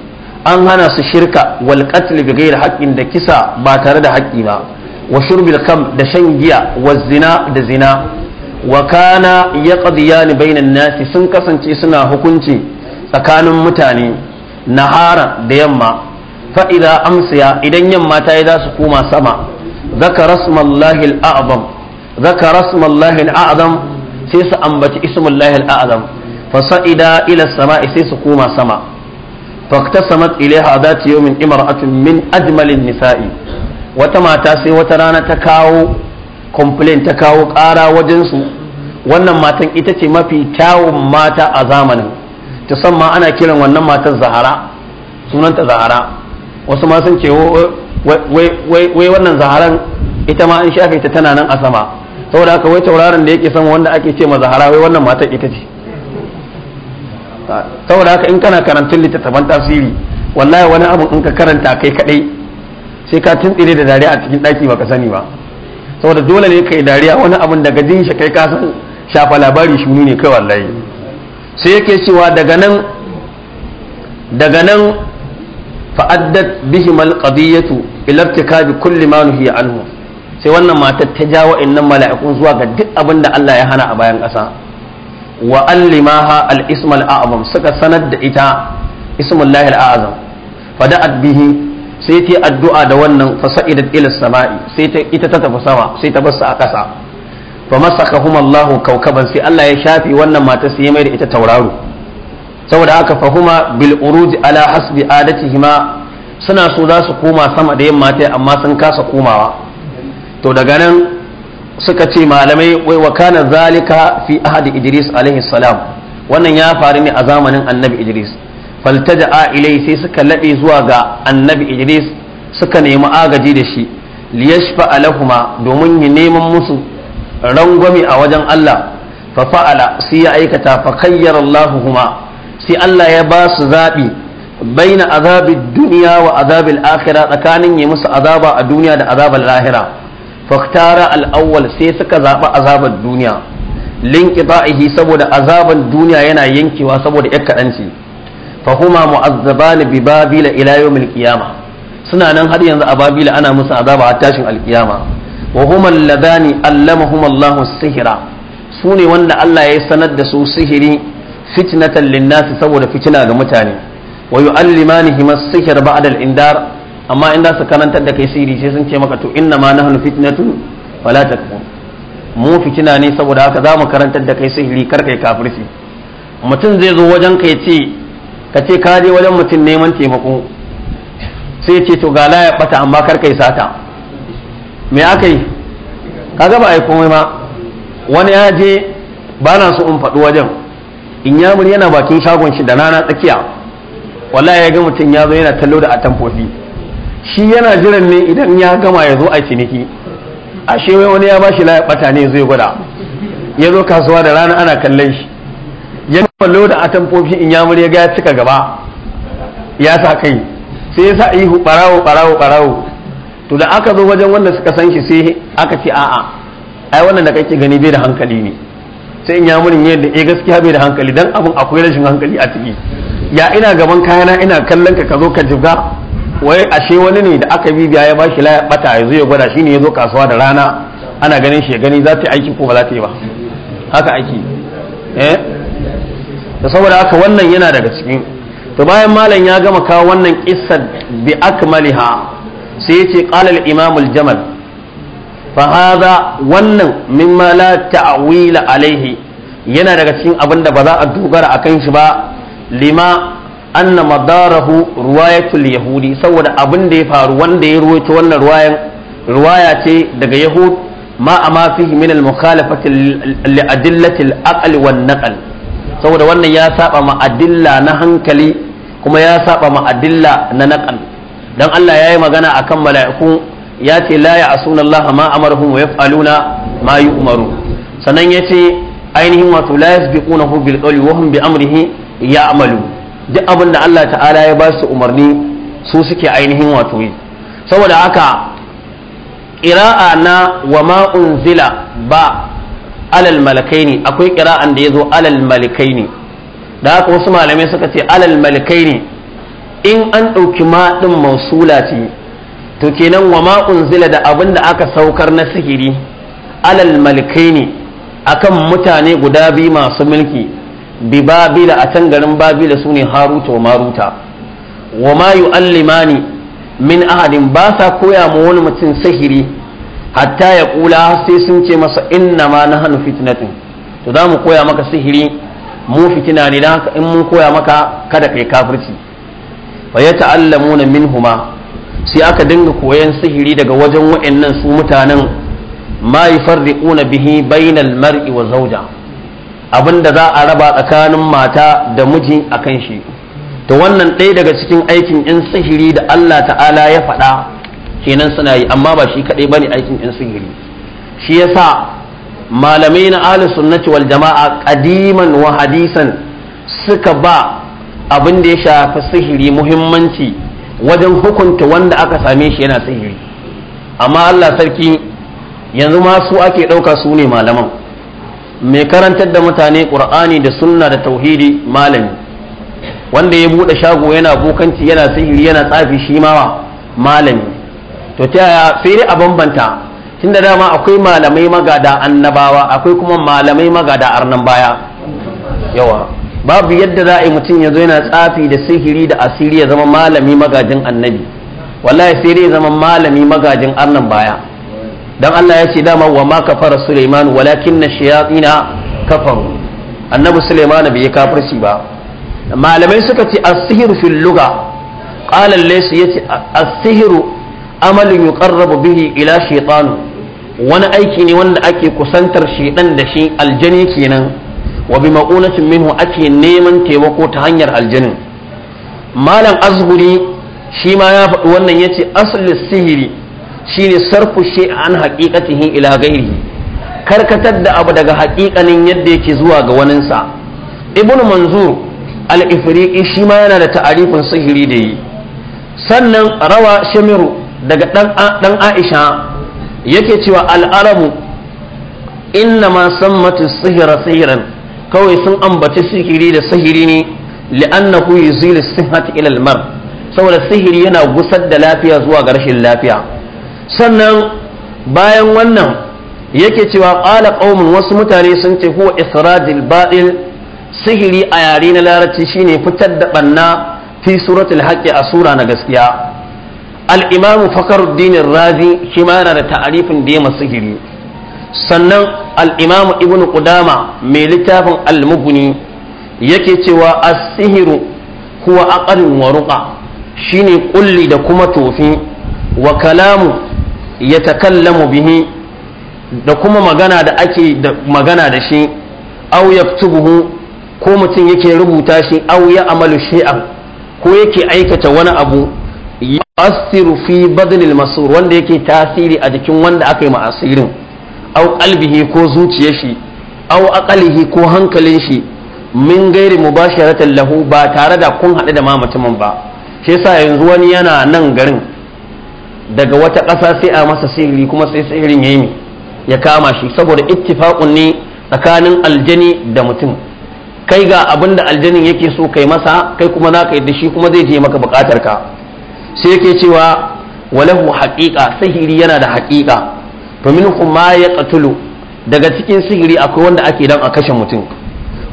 Speaker 1: an hana su shirka wal qatl bi ghairi haqqin da kisa ba tare da haƙƙi ba wa shurbil kam da shan giya wa zina da zina wakana kana yaqdiyani bainan nasi sun kasance suna hukunci tsakanin mutane nahara da yamma fa idza amsiya idan yamma ta yi za su koma sama zakara smallahi al-a'zam zakara smallahi sai su ambaci ismullahi al fa sa'ida ila sama'i sai su koma sama فاقتسمت إليها min ajmalin nisa'i wata mata sai wata rana ta kawo. complain ta kawo ƙara wajensu wannan matan ita ce mafi kyawun mata a zamanin ta san ma ana kiran wannan matan zahara sunanta zahara wasu ma sun ce oh, oh, wai wannan zaharan ita ma an shafe ta tana nan a sama saboda haka wai tauraron da yake sama wanda ake ce ma zahara wai wannan matan ita ce saboda haka in kana karantun littattafan tasiri wallahi wani abu in ka karanta kai kadai sai ka tuntsire da dare a cikin daki baka sani ba saboda dole ne kai dariya wani abin daga din shi kai kasan shafa labari shuni ne kai wallahi sai yake cewa daga nan daga nan fa'addat bihim alqadiyatu ila irtikabi kulli ma nuhiya anhu sai wannan matar ta jawo innan mala'ikun zuwa ga duk abin da Allah ya hana a bayan ƙasa wa allimaha al-ism al-a'zam suka sanar da ita ismullahi al-a'zam fada'at bihi sai ta yi addu'a da wannan fasa'idat ila sama'i sai ta ita ta tafi sama sai ta barsa a ƙasa fa masakahum Allahu kaukaban sai Allah ya shafi wannan mata sai ya mai da ita tauraro saboda haka fahuma bil uruj ala hasbi adatihima suna so za su koma sama da yamma ta amma sun kasa komawa to daga nan suka ce malamai wai wa kana zalika fi ahadi idris alaihi salam wannan ya faru ne a zamanin annabi idris Faltaja ilai sai suka laɗe zuwa ga annabi idris suka nemi agaji da shi liyashfa alahuma domin yi neman musu rangwami a wajen Allah fa fa'ala sai ya aikata fa kayyara huma sai Allah ya ba su zaɓi baina azabin duniya wa azabil akhira tsakanin yi musu azaba a duniya da azabar lahira faktara al'awwal sai suka zaɓi azabar duniya linki saboda azaban duniya yana yankewa saboda 'yan kaɗanci fahuma mu'azzabani bi babila ila yawmil suna nan har yanzu a babila ana musu azaba a tashin alkiyama wa huma alladhani allamahum Allahu sihira su ne wanda Allah ya sanar da su sihiri fitnatan linnasi saboda fitina ga mutane wa yu'allimanihim as sihir ba'da al-indar amma in za su karantar da kai sihiri sai sun ce maka to inna ma nahnu fitnatun wala takfur mu fitina ne saboda haka za mu karantar da kai sihiri kar kai kafirci mutum zai zo wajen kai ce ka ce ka je wajen mutum neman taimako sai ce to ga laya bata amma kar kai sata me aka yi Ka gaba a yi komai ma wani ya je ba na so in faɗi wajen in yamur yana bakin shagon shi da rana tsakiya wala ya ga mutum ya zo yana tallo da atamfofi shi yana jiran ne idan ya gama ya zo a ciniki ashe wani ya ba shi laya bata ne zai gwada ya zo kasuwa da rana ana kallon shi ya fallo da atamfofi in ya murya ga cika gaba ya sa kai sai ya sa ihu barawo barawo barawo to da aka zo wajen wanda suka san shi sai aka ce a'a ai wannan da kake gani bai da hankali ne sai in ya murin yadda ya eh, gaskiya bai da hankali dan abin akwai rashin hankali a ciki ya ina gaban kayana ina kallon ka ka zo ka jibga wai ashe wani ne da aka biya ya ba shi laya bata ya ya gwada shine ya zo kasuwa da rana ana ganin shi ya gani za ta yi aiki ko ba za ta yi ba haka aiki eh da saboda haka wannan yana daga ciki to bayan malam ya gama kawo wannan qissar bi akmaliha sai ya ce qala al-imam al-jamal fa hadha wannan mimma la ta'wila alaihi yana daga cikin abin da ba za a dogara akan shi ba lima anna madarahu ruwayatul yahudi saboda abin da ya faru wanda ya ruwaito wannan ruwayan ruwaya ce daga yahud ma amma fihi min al-mukhalafati li adillati al-aql wan naql saboda wannan ya saba ma adilla na hankali kuma ya saba ma adilla na naqal dan Allah yayi magana akan mala'iku ya ce la ya'suna Allah ma amaruhum wa yaf'aluna ma yu'maru sannan yace ainihin wato la yasbiqunahu bil qawli wa hum bi amrihi ya'malu duk abin da Allah ta'ala ya ba su umarni su suke ainihin wato yi saboda haka ƙira'a na wa ma unzila ba alal malakaini akwai kira'an da ya zo alal malakaini da haka wasu malamai suka ce alal malakaini in an ɗauki maɗin ɗin mausula ce to kenan wa ma'un zila da abin da aka saukar na sihiri alal malakaini akan mutane guda biyu masu mulki bi babila a can garin babila su ne haruta wa maruta wa ma yu'allimani min ahadin ba sa koya ma wani mutum sihiri hatta ya kula sai sun ce masa inna ma na hannu fitnatin to za mu koya maka sihiri mu fitina ne don haka in mun koya maka kada kai kafirci fa ya ta'allamuna minhuma sai aka dinga koyan sihiri daga wajen wa'annan su mutanen ma yufarriquna bihi bainal mar'i wa zawja abinda za a raba tsakanin mata da miji akan shi to wannan ɗaya daga cikin aikin in sihiri da Allah ta'ala ya faɗa kenan suna yi amma ba shi kaɗai ba ne aikin yan sigiri shi ya sa malamai na ahli sunnati wal jama'a ƙadiman wa hadisan suka ba abin da ya shafi sihiri muhimmanci wajen hukunta wanda aka same shi yana sihiri amma Allah sarki yanzu ma su ake ɗauka su ne malaman mai karantar da mutane ƙur'ani da sunna da tauhidi malami wanda ya buɗe shago yana bokanci yana sihiri yana tsafi shi ma malami to ta yaya sai dai a bambanta tunda dama akwai malamai magada annabawa akwai kuma malamai magada arnan baya yawa babu yadda za a yi mutum ya zo yana tsafi da sihiri da asiri ya zama malami magajin annabi wallahi sai dai zama malami magajin arnan baya dan Allah ya ce dama wa ma kafara Sulaiman walakin na shayatina kafaru annabi Sulaiman bai yi kafirci ba malamai suka ce as-sihru fil lugha qala laysa yace as-sihru amalin yuqarrabu bihi ila shaytan wani aiki ne wanda ake kusantar shaidan da shi aljani kenan wa bi ma'unatin minhu ake neman taimako ta hanyar aljanin malam azguri shi ma ya faɗi wannan yace asalin sihiri shine sarfu shi an haqiqatihi ila ghairihi karkatar da abu daga haƙiƙanin yadda yake zuwa ga waninsa ibnu manzur al-ifriqi shi ma yana da ta'arifin sihiri da yi sannan rawa shamiru daga ɗan aisha yake cewa al'arabu inna ma sammatu sihira sihiran kawai sun ambaci sihiri da sihiri ne li'annahu yuzilu sihat ila al-mar saboda sihiri yana gusar da lafiya zuwa ga rashin lafiya sannan bayan wannan yake cewa qala qaumun wasu mutane sun ce huwa israjil baɗin sihiri a yare na larabci shine fitar da banna fi suratul haqqi a sura na gaskiya al'imamu fakarudinin razi shi ma yana da ta'arifin da ya masu hiri sannan al'imamu ibn kudama mai littafin almuguni yake cewa asihiru kuwa aƙarin waruƙa shine ƙulli da kuma tofi wa kalamu ya mu bihi da kuma magana da ake magana da shi au buhu ko mutum yake rubuta shi au ya amalu shi'a ko yake aikata wani abu asiru fi badnil masur wanda yake tasiri a jikin wanda aka yi ma'asirin au qalbihi ko zuciyar shi au aqalihi ko hankalin shi min gairi mubasharatan lahu ba tare da kun haɗu da ma mutumin ba shi yasa yanzu wani yana nan garin daga wata ƙasa sai a masa sihiri kuma sai sihirin yayi ya kama shi saboda ittifaqun ne tsakanin aljani da mutum kai ga abin da aljanin yake so kai masa kai kuma za ka yi da shi kuma zai je maka bukatar ka sai yake cewa walahu haƙiƙa sihiri yana da haƙiƙa domin minhum ya yaqtulu daga cikin sihiri akwai wanda ake dan a kashe mutum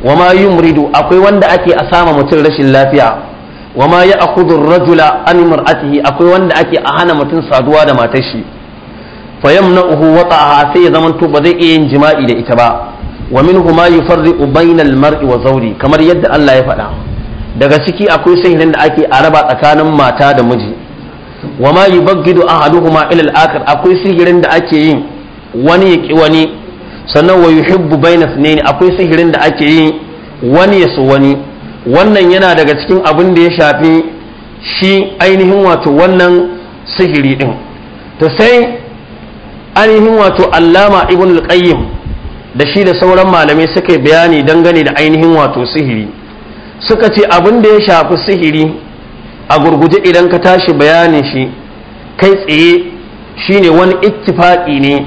Speaker 1: wa ma muridu akwai wanda ake a sama mutum rashin lafiya wa ma ya'khudhu ar-rajula an mar'atihi akwai wanda ake a hana mutum saduwa da matar shi fa uhu wata'aha sai ya zamanto ba zai iya yin jima'i da ita ba wa minhu ma yufarriqu bainal mar'i wa zawri kamar yadda Allah ya faɗa daga ciki akwai sihirin da ake araba tsakanin mata da miji wa ma yubaggidu ahaduhuma ila al-akhar akwai sihirin da ake yin wani yaki wani sannan wa yuhibbu baina ne akwai sihirin da ake yin wani ya so wani wannan yana daga cikin abin da ya shafi shi ainihin wato wannan sihiri din to sai ainihin wato allama ibn al-qayyim da shi da sauran malamai suka bayani dangane da ainihin wato sihiri suka ce abin da ya shafi sihiri a gurguje idan ka tashi bayanin shi kai tsaye shine wani ittifaqi ne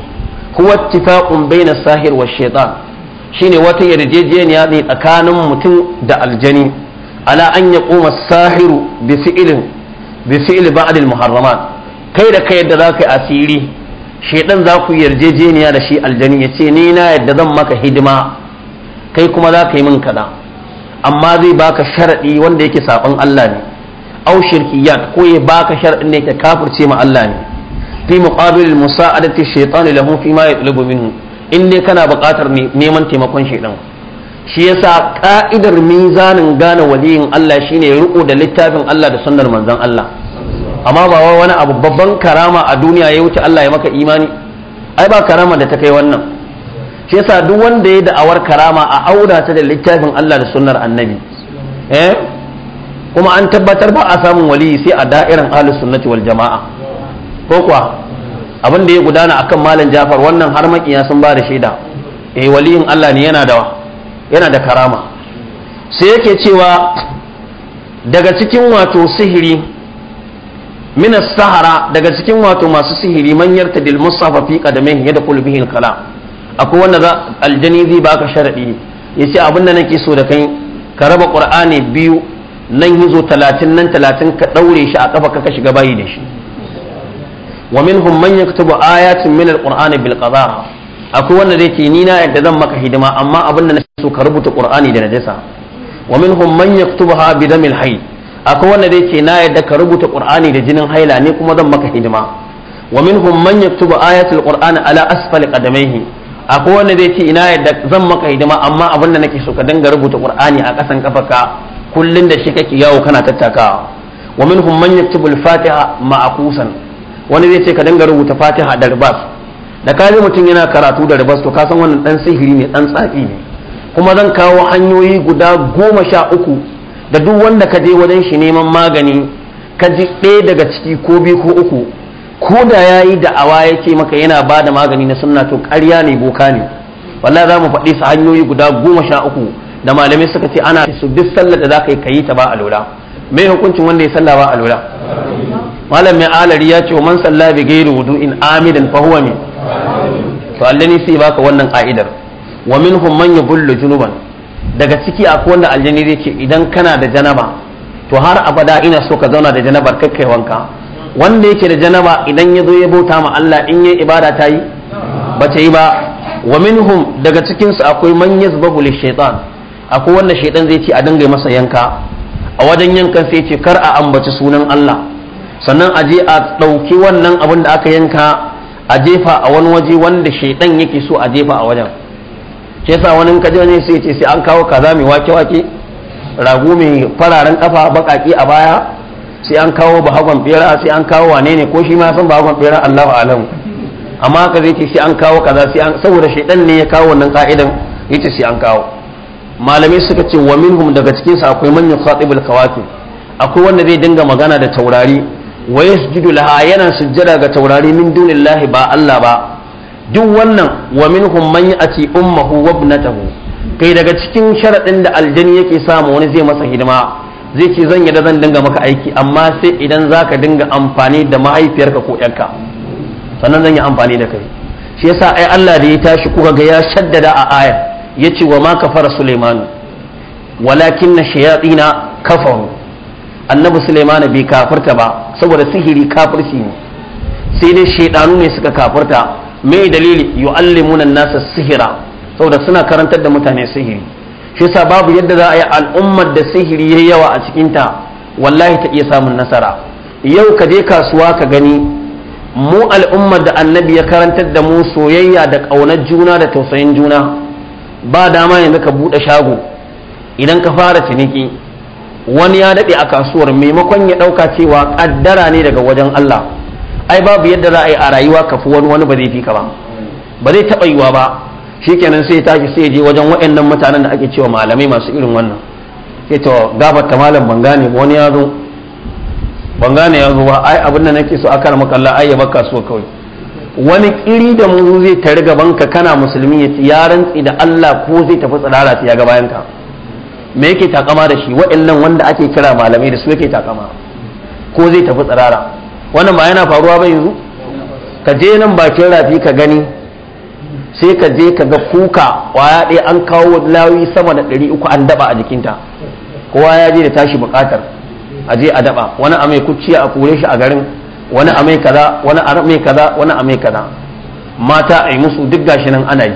Speaker 1: huwa ittifaqun baina sahir wa shaytan shine wata yarjejeniya ne tsakanin mutum da aljani ala an yaquma sahiru bi fi'lin bi fi'l ba'd muharramat kai da kai yadda zaka yi asiri shaiɗan za ku yarjejeniya da shi aljani ya ce ni na yadda zan maka hidima kai kuma za ka yi min kaza amma zai baka sharadi wanda yake sabon Allah ne au shirkiyat ko ya baka sharadin ne yake kafirce ma Allah ne fi muqabilil musa'adati shaytan lahu fi ma yatlubu minhu in dai kana buƙatar neman taimakon shaytan shi yasa ka'idar mizanin gane waliyin Allah shine ya da littafin Allah da sunnar manzon Allah amma ba wani abu babban karama a duniya ya wuce Allah ya maka imani ai ba karama da ta kai wannan shi yasa duk wanda ya da'awar karama a auna ta da littafin Allah da sunnar annabi eh kuma an tabbatar ba a samun waliyi sai a da'irin ahlus sunnati wal jama'a ko kuwa abin da ya gudana akan malam Jafar wannan har makiya sun ba da shaida eh waliyin Allah ne yana da yana da karama sai yake cewa daga cikin wato sihiri min sahara daga cikin wato masu sihiri manyar tadil musafa fi qadamihi da bihi al-kalam akwai wanda za aljani zai baka sharaɗi ne ya ce abin da nake so da kai ka raba ƙur'ani biyu nan hizo talatin nan talatin ka ɗaure shi a ƙafa ka shiga bayi da shi wa minhum man yaktubu ayatin min alqur'ani bil qada akwai wanda zai ce ni na yadda zan maka hidima amma abin da nake so ka rubuta qur'ani da najasa wa minhum man yaktubuha bi damil hayy akwai wanda zai ce na yadda ka rubuta qur'ani da jinin haila ne kuma zan maka hidima wa minhum man yaktubu ayatul qur'ani ala asfali qadamaihi akwai wanda zai ce ina yadda zan maka hidima amma abin da nake so ka dinga rubuta qur'ani a kasan ka kullun da shi kake yawo kana tattakawa wa minhum man yaktubu al-fatiha ma'kusan wani zai ce ka dinga rubuta fatiha da ribas da ka mutum yana karatu da ribas to ka san wannan dan sihiri ne dan tsafi ne kuma zan kawo hanyoyi guda goma sha uku da duk wanda ka je wajen shi neman magani ka ji ɗaya daga ciki ko biyu ko uku ko da ya yi da'awa ya ce maka yana ba da magani na sunna to ƙarya ne boka ne wallahi za mu faɗi su hanyoyi guda goma sha uku da malamai suka ce ana su duk sallar da za ka yi ka yi ta ba a lura mai hukuncin wanda ya salla ba a lura malam mai alari ya ce wa man salla bi gairi in amidan fa huwa min to allani sai baka wannan ka'idar wa minhum man yubullu junuban daga ciki akwai wanda aljani zai ce idan kana da janaba to har abada ina so ka zauna da janabar kakkai wanka wanda yake da janaba idan ya zo ya bauta ma Allah in yi ibada ta yi ba ta yi ba wa minhum daga cikinsu akwai man yazbahu lishaitan akwai wanda shaitan zai ce a dinga masa yanka a wajen yankan sai ce kar a ambaci sunan Allah sannan a je a ɗauki wannan abin da aka yanka a jefa a wani waje wanda shaitan yake so a jefa a wajen shi yasa wani kaji wani sai ce sai an kawo kaza mai wake wake rago mai fararen kafa bakaki a baya sai an kawo bahagon bera sai an kawo wane ne ko shi ma san bahagon bera Allahu alamu amma ka zai ce sai an kawo kaza sai an saboda shaidan ne ya kawo wannan ka'idan yace sai an kawo malamai suka ce wa minhum daga cikin sa akwai man yusatibul kawakib akwai wanda zai dinga magana da taurari wa yasjudu laha yana sujjada ga taurari min dunillahi ba Allah ba duk wannan wa minhum man yati ummuhu wa ibnatuhu kai daga cikin sharadin da aljani yake samu wani zai masa hidima zai ce zan yi da zan dinga maka aiki amma sai idan za ka dinga amfani da mahaifiyarka ko yanka sannan zan yi amfani da kai shi yasa ai Allah da ya tashi kuka ga ya shaddada a aya ya ce wa ma fara Sulemanu? walakin na na kafaru annabi Sulemanu bai kafirta ba saboda sihiri kafirci ne sai dai shaidanu ne suka kafirta mai dalili yu'allimuna nasa sihira saboda suna karantar da mutane sihiri shi yasa babu yadda za a yi al'ummar da sihiri yayi yawa a cikinta, wallahi ta iya samun nasara yau ka je kasuwa ka gani mu al'ummar da annabi ya karantar da mu soyayya da ƙaunar juna da tausayin juna ba dama yanzu ka buɗe shago idan ka fara ciniki wani ya daɗe a kasuwar maimakon ya ɗauka cewa ƙaddara ne daga wajen Allah ai babu yadda za a yi a rayuwa ka wani wani ba zai fi ka ba ba zai taɓa yiwa ba shikenan sai tashi sai je wajen waɗannan mutanen da ake cewa malamai masu irin wannan sai to ta malam ban gane ba wani ya zo ban ya ba ai abin da nake so aka maka Allah ai ya baka so kawai wani kiri da mu zai ta gaban ka kana musulmi ya ci yaran da Allah ko zai tafi tsirara ya ga bayan ka me yake takama da shi waɗannan wanda ake kira malamai da su yake takama ko zai tafi tsirara wannan ba yana faruwa ba yanzu ka je nan bakin rafi ka gani sai ka je ka ga kuka kwaya ɗaya an kawo lawi sama da ɗari uku an daba a jikinta kowa ya je da tashi buƙatar a je a daba wani a mai kuciya a kure shi a garin wani a mai kaza wani a mai kaza wani a mai kaza mata a yi musu duk gashi nan ana yi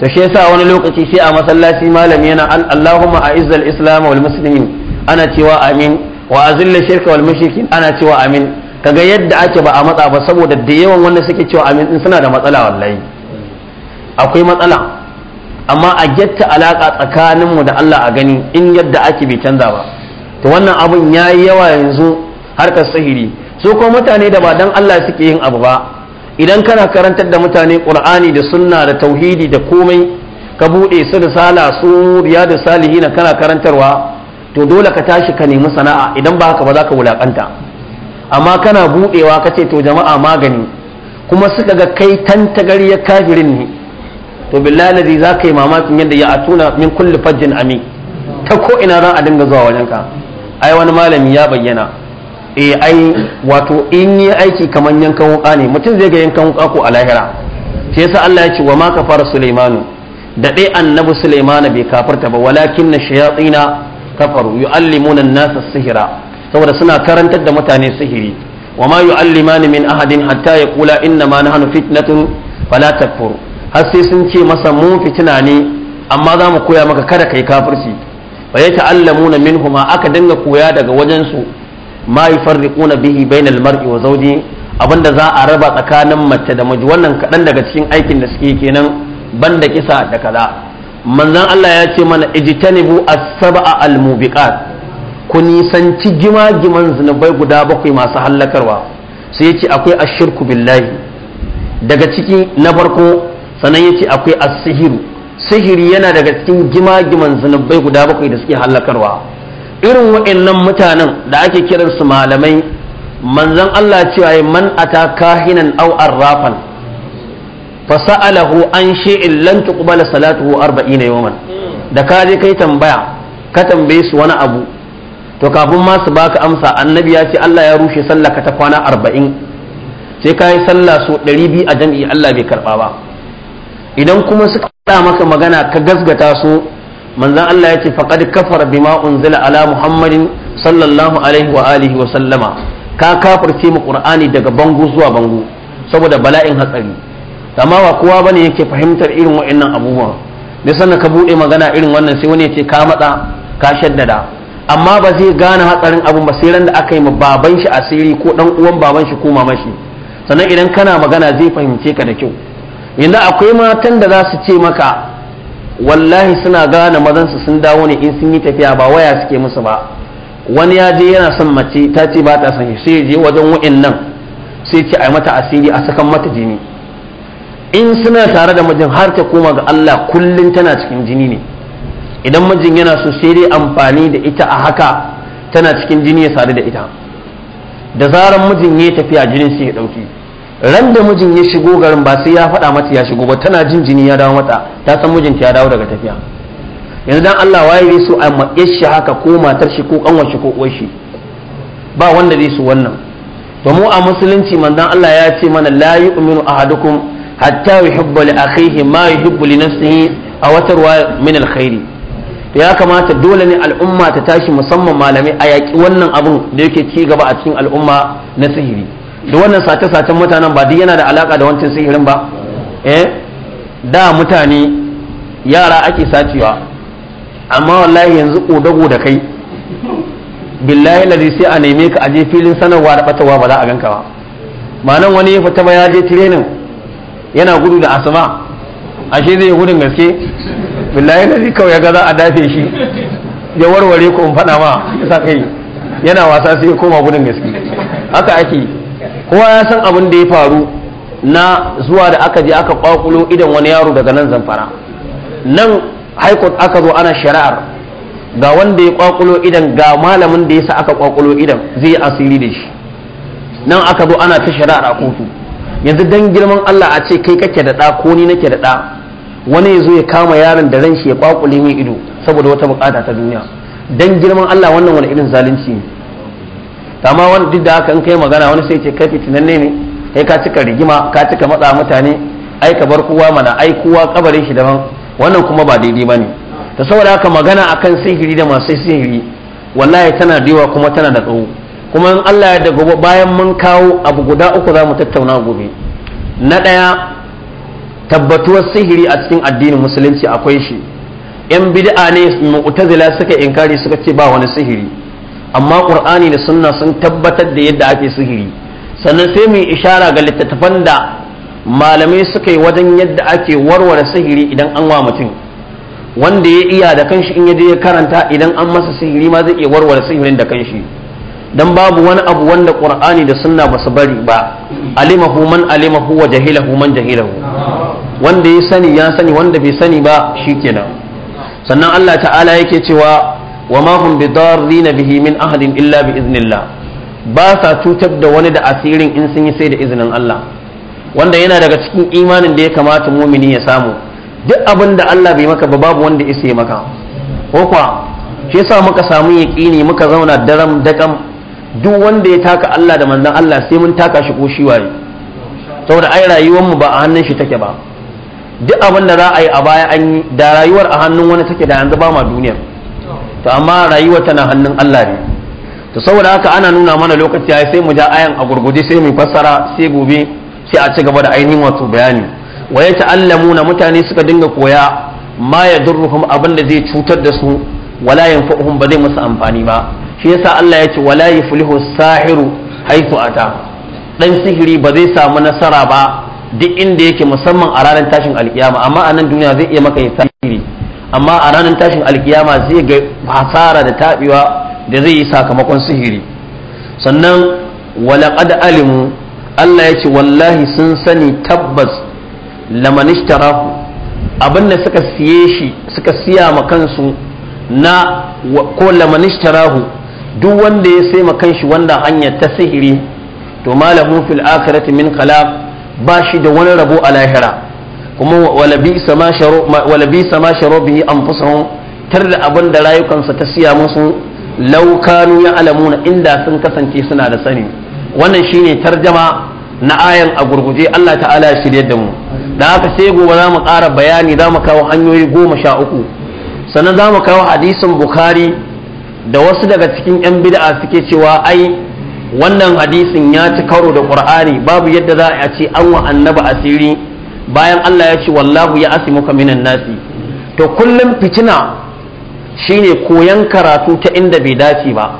Speaker 1: ta shi yasa wani lokaci sai a masallaci malami yana an Allahumma a'izzal islam wal muslimin ana cewa amin wa azilla shirka wal mushrikin ana cewa amin kaga yadda ake ba a matsa ba saboda da yawan wanda suke cewa amin din suna da matsala wallahi akwai matsala amma a getta alaka tsakaninmu da Allah a gani in yadda ake bai canza ba to wannan abun ya yi yawa yanzu har ka sihiri su ko mutane da ba dan Allah suke yin abu ba idan kana karantar da mutane qur'ani da sunna da tauhidi da komai ka buɗe su da sala su salihi na kana karantarwa to dole ka tashi ka nemi sana'a idan ba haka ba za ka wulakanta amma kana buɗewa ka ce to jama'a magani kuma suka ga kai tantagariyar kafirin ne to billahi ladhi zaka yi mamakin yadda ya atuna min kulli fajjin ami ta ko ina za a dinga zuwa wajenka ai wani malami ya bayyana eh ai wato in yi aiki kamar yankan wuka ne mutum zai ga yankan wuka ko a lahira sai yasa Allah ya ce wa ma kafara sulaimanu da dai annabi sulaimana bai kafarta ba walakin na shayatina kafaru yu'allimuna an-nasa sihira saboda suna karantar da mutane sihiri wa ma yu'allimani min ahadin hatta yaqula inna ma nahnu fitnatun fala takfuru har sai sun ce masa mun fitina ne amma za mu koya maka kada kai kafirci wa ya ta'allamuna ma aka dinga koya daga wajen su ma yufarriquna bihi bainal mar'i wa zawji abinda za a raba tsakanin mace da miji wannan kadan daga cikin aikin da suke kenan ban da kisa da kaza manzon Allah ya ce mana ijtanibu as-sab'a al-mubiqat ku nisanci gima-giman zunubai guda bakwai masu hallakarwa sai ya ce akwai ashirku billahi daga ciki na farko sannan yace akwai as-sihiru sihiri yana daga cikin gimagiman zunubai guda bakwai da suke hallakarwa irin waɗannan mutanen da ake kiransu malamai manzon Allah cewa man ata kahinan aw arrafan fasa'alahu an shay'in lan tuqbala salatuhu 40 yawman da ka je kai tambaya ka tambaye su wani abu to kafin ma su baka amsa annabi ya ce Allah ya rushe sallah ta kwana 40 sai ka yi sallah so 200 a jam'i Allah bai karba ba idan kuma suka faɗa maka magana ka gasgata su manzon Allah ya ce faqad kafara bima unzila ala muhammadin sallallahu alaihi wa alihi wa sallama ka kafirce mu ƙur'ani daga bango zuwa bango saboda bala'in hatsari amma ba kowa bane yake fahimtar irin wa'annan abubuwa, ne sannan ka buɗe magana irin wannan sai wani ya ce ka matsa ka shaddada amma ba zai gane hatsarin abu ba sai ran da aka yi ma baban shi asiri ko ɗan uwan baban shi ko mamashi shi sannan idan kana magana zai fahimce ka da kyau yanzu akwai matan da za su ce maka wallahi suna gane mazansu sun dawo ne in sun yi tafiya ba waya suke musu ba wani ya je yana son mace ta ce ba ta son shi sai je wajen wa'in nan sai ce a yi mata asiri a sakan mata jini in suna tare da mijin har ta koma ga Allah kullum tana cikin jini ne idan mijin yana so sai dai amfani da ita a haka tana cikin jini ya sadu da ita da zarar mijin ya tafiya jinin sai ya ɗauki ran da mijin ya shigo garin ba sai ya faɗa mata ya shigo ba tana jin jini ya dawo mata ta san mijinta ya dawo daga tafiya yanzu dan Allah waye zai so a maƙe shi haka ko matar shi ko kanwar shi ko uwar shi ba wanda zai so wannan to mu a musulunci manzon Allah ya ce mana la yu'minu ahadukum hatta yuhibbu li akhihi ma yuhibbu li nafsihi aw tarwa min alkhairi to ya kamata dole ne al'umma ta tashi musamman malamai a yaƙi wannan abun da yake ci gaba a cikin al'umma na sihiri da wannan sace-sacen mutanen ba duk yana da alaka da wancan sihirin ba eh da mutane yara ake sacewa amma wallahi yanzu kodago da kai billahi ladi sai a neme ka aje filin sanarwa da batawa ba za a ganka ba malam wani ya fita ba ya je tirenin yana gudu da asuma ashe zai gudun gaske billahi ladi kawai ya ga za a dafe shi ya warware ko in faɗa ma ya kai yana wasa sai ya koma gudun gaske haka ake yi kowa ya san abin da ya faru na zuwa da aka je aka kwakulo idan wani yaro daga nan zamfara nan haikot aka zo ana shari'ar ga wanda ya kwakulo idan ga malamin da ya sa aka kwakulo idan zai asiri da shi nan aka zo ana ta shari'ar a kotu yanzu dan girman Allah a ce kai kake da daɗa ko ni nake da ɗa wani ya zo ya kama yaron da ran shi ya kwakule mai ido saboda wata bukata ta duniya dan girman Allah wannan wani irin zalunci ne amma wani duk da haka in kai magana wani sai ce kai tunanne ne kai ka cika rigima ka cika matsa mutane ai ka bar kowa mana ai kowa kabarin shi daban wannan kuma ba daidai bane ta saboda haka magana akan sihiri da masu sihiri wallahi tana da kuma tana da tsawo kuma in Allah ya da gobe bayan mun kawo abu guda uku za mu tattauna gobe na ɗaya tabbatuwar sihiri a cikin addinin musulunci akwai shi yan bid'a ne mu'tazila suka inkari suka ce ba wani sihiri amma qur'ani da sunna sun tabbatar da yadda ake sihiri sannan sai mu ishara ga littattafan da malamai suka yi wajen yadda ake warware sihiri idan an wa mutum wanda ya iya da kanshi in yaje ya karanta idan an masa sihiri ma zai iya warware sihirin da kanshi dan babu wani abu wanda qur'ani da sunna ba su bari ba alimahu man alimahu wa jahilahu man jahilahu wanda ya sani ya sani wanda bai sani ba shikenan sannan Allah ta'ala yake cewa wa ma hum bidarrina bihi min ahadin illa bi iznillah ba sa cutar da wani da asirin in sun yi sai da izinin Allah wanda yana daga cikin imanin da ya kamata mumini ya samu duk abin da Allah bai maka ba babu wanda ya maka ko kwa shi yasa muka samu yaqini muka zauna daram dakam duk wanda ya taka Allah da manzon Allah sai mun taka shi ko shi waye saboda ai rayuwar mu ba a hannun shi take ba duk abin da za a yi a baya an yi da rayuwar a hannun wani take da yanzu ba ma duniyar to amma rayuwa tana hannun Allah ne to saboda haka ana nuna mana lokaci ai sai mu ja ayan a gurguje sai mu fassara sai gobe sai a ci gaba da ainihin wato bayani wa ya na mutane suka dinga koya ma yadurruhum abin da zai cutar da su wala yanfa'uhum ba zai musu amfani ba shi yasa Allah ya ce wala yuflihu sahiru haythu ata dan sihiri ba zai samu nasara ba duk inda yake musamman a ranar tashin alkiyama amma a nan duniya zai iya maka ya sihiri amma a ranar tashin alkiyama zai ga hasara da taɓewa da zai yi sakamakon sihiri sannan walaƙad alimu Allah ya ce wallahi sun sani tabbas lamanishtarahu abinda suka siye shi suka siya ma kansu na ko lamanishtarahu duk wanda ya sai ma kanshi wanda hanya ta sihiri to malamu fil akhirati min khalaq ba shi da wani rabo a lahira kuma wala bi sama sharo bihi anfusahum tar da abin da rayukansa ta siya musu laukanu ya alamuna inda sun kasance suna da sani wannan shine tarjama na ayan a gurguje Allah ta'ala ya shirye da mu da haka sai gobe za mu ƙara bayani za mu kawo hanyoyi goma sha uku sannan za mu kawo hadisin bukari da wasu daga cikin 'yan bid'a suke cewa ai wannan hadisin ya ci karo da ƙur'ani babu yadda za a ce an wa annaba asiri bayan Allah ya ce wallahu ya asimuka minan nasi to kullum fitina shine koyan karatu ta inda bai dace ba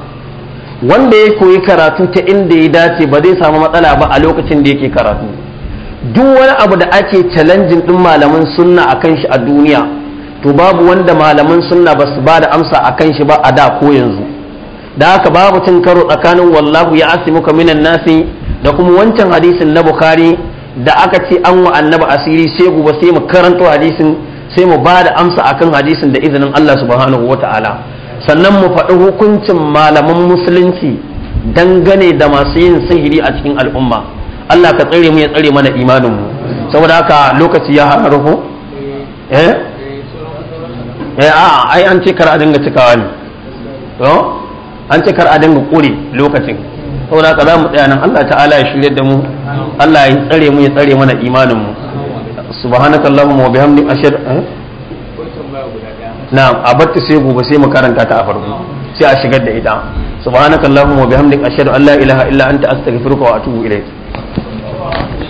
Speaker 1: wanda ya koyi karatu ta inda ya dace ba zai samu matsala ba a lokacin da yake karatu duk wani abu da ake challenging din malaman sunna akan shi a duniya to babu wanda malaman sunna ba su ba da amsa akan shi ba a da ko yanzu da haka babu cin karo tsakanin wallahu ya asimuka minan nasi da kuma wancan hadisin na bukari da aka ce an wa annaba asiri sai gobe sai mu karanto hadisin sai mu ba da amsa akan hadisin da izinin Allah subhanahu Ta'ala, sannan mu faɗi hukuncin malaman musulunci dangane da masu yin sihiri a cikin al'umma Allah ka tsare mu ya tsare mana imanin mu saboda haka lokaci ya ruhu eh eh a ai an ce kar a dinga cikawa ne an ce kar a dinga kure lokacin saboda ka za mu tsaya nan Allah ta'ala ya shirya da mu Allah ya tsare mu ya tsare mana imanin mu subhanaka allahumma wa bihamdika ashhadu na'am a batta sai gobe sai mu karanta ta a farko sai a shigar da ita subhanaka allahumma wa bihamdika ashhadu an la ilaha illa anta astaghfiruka wa atubu
Speaker 2: ilayk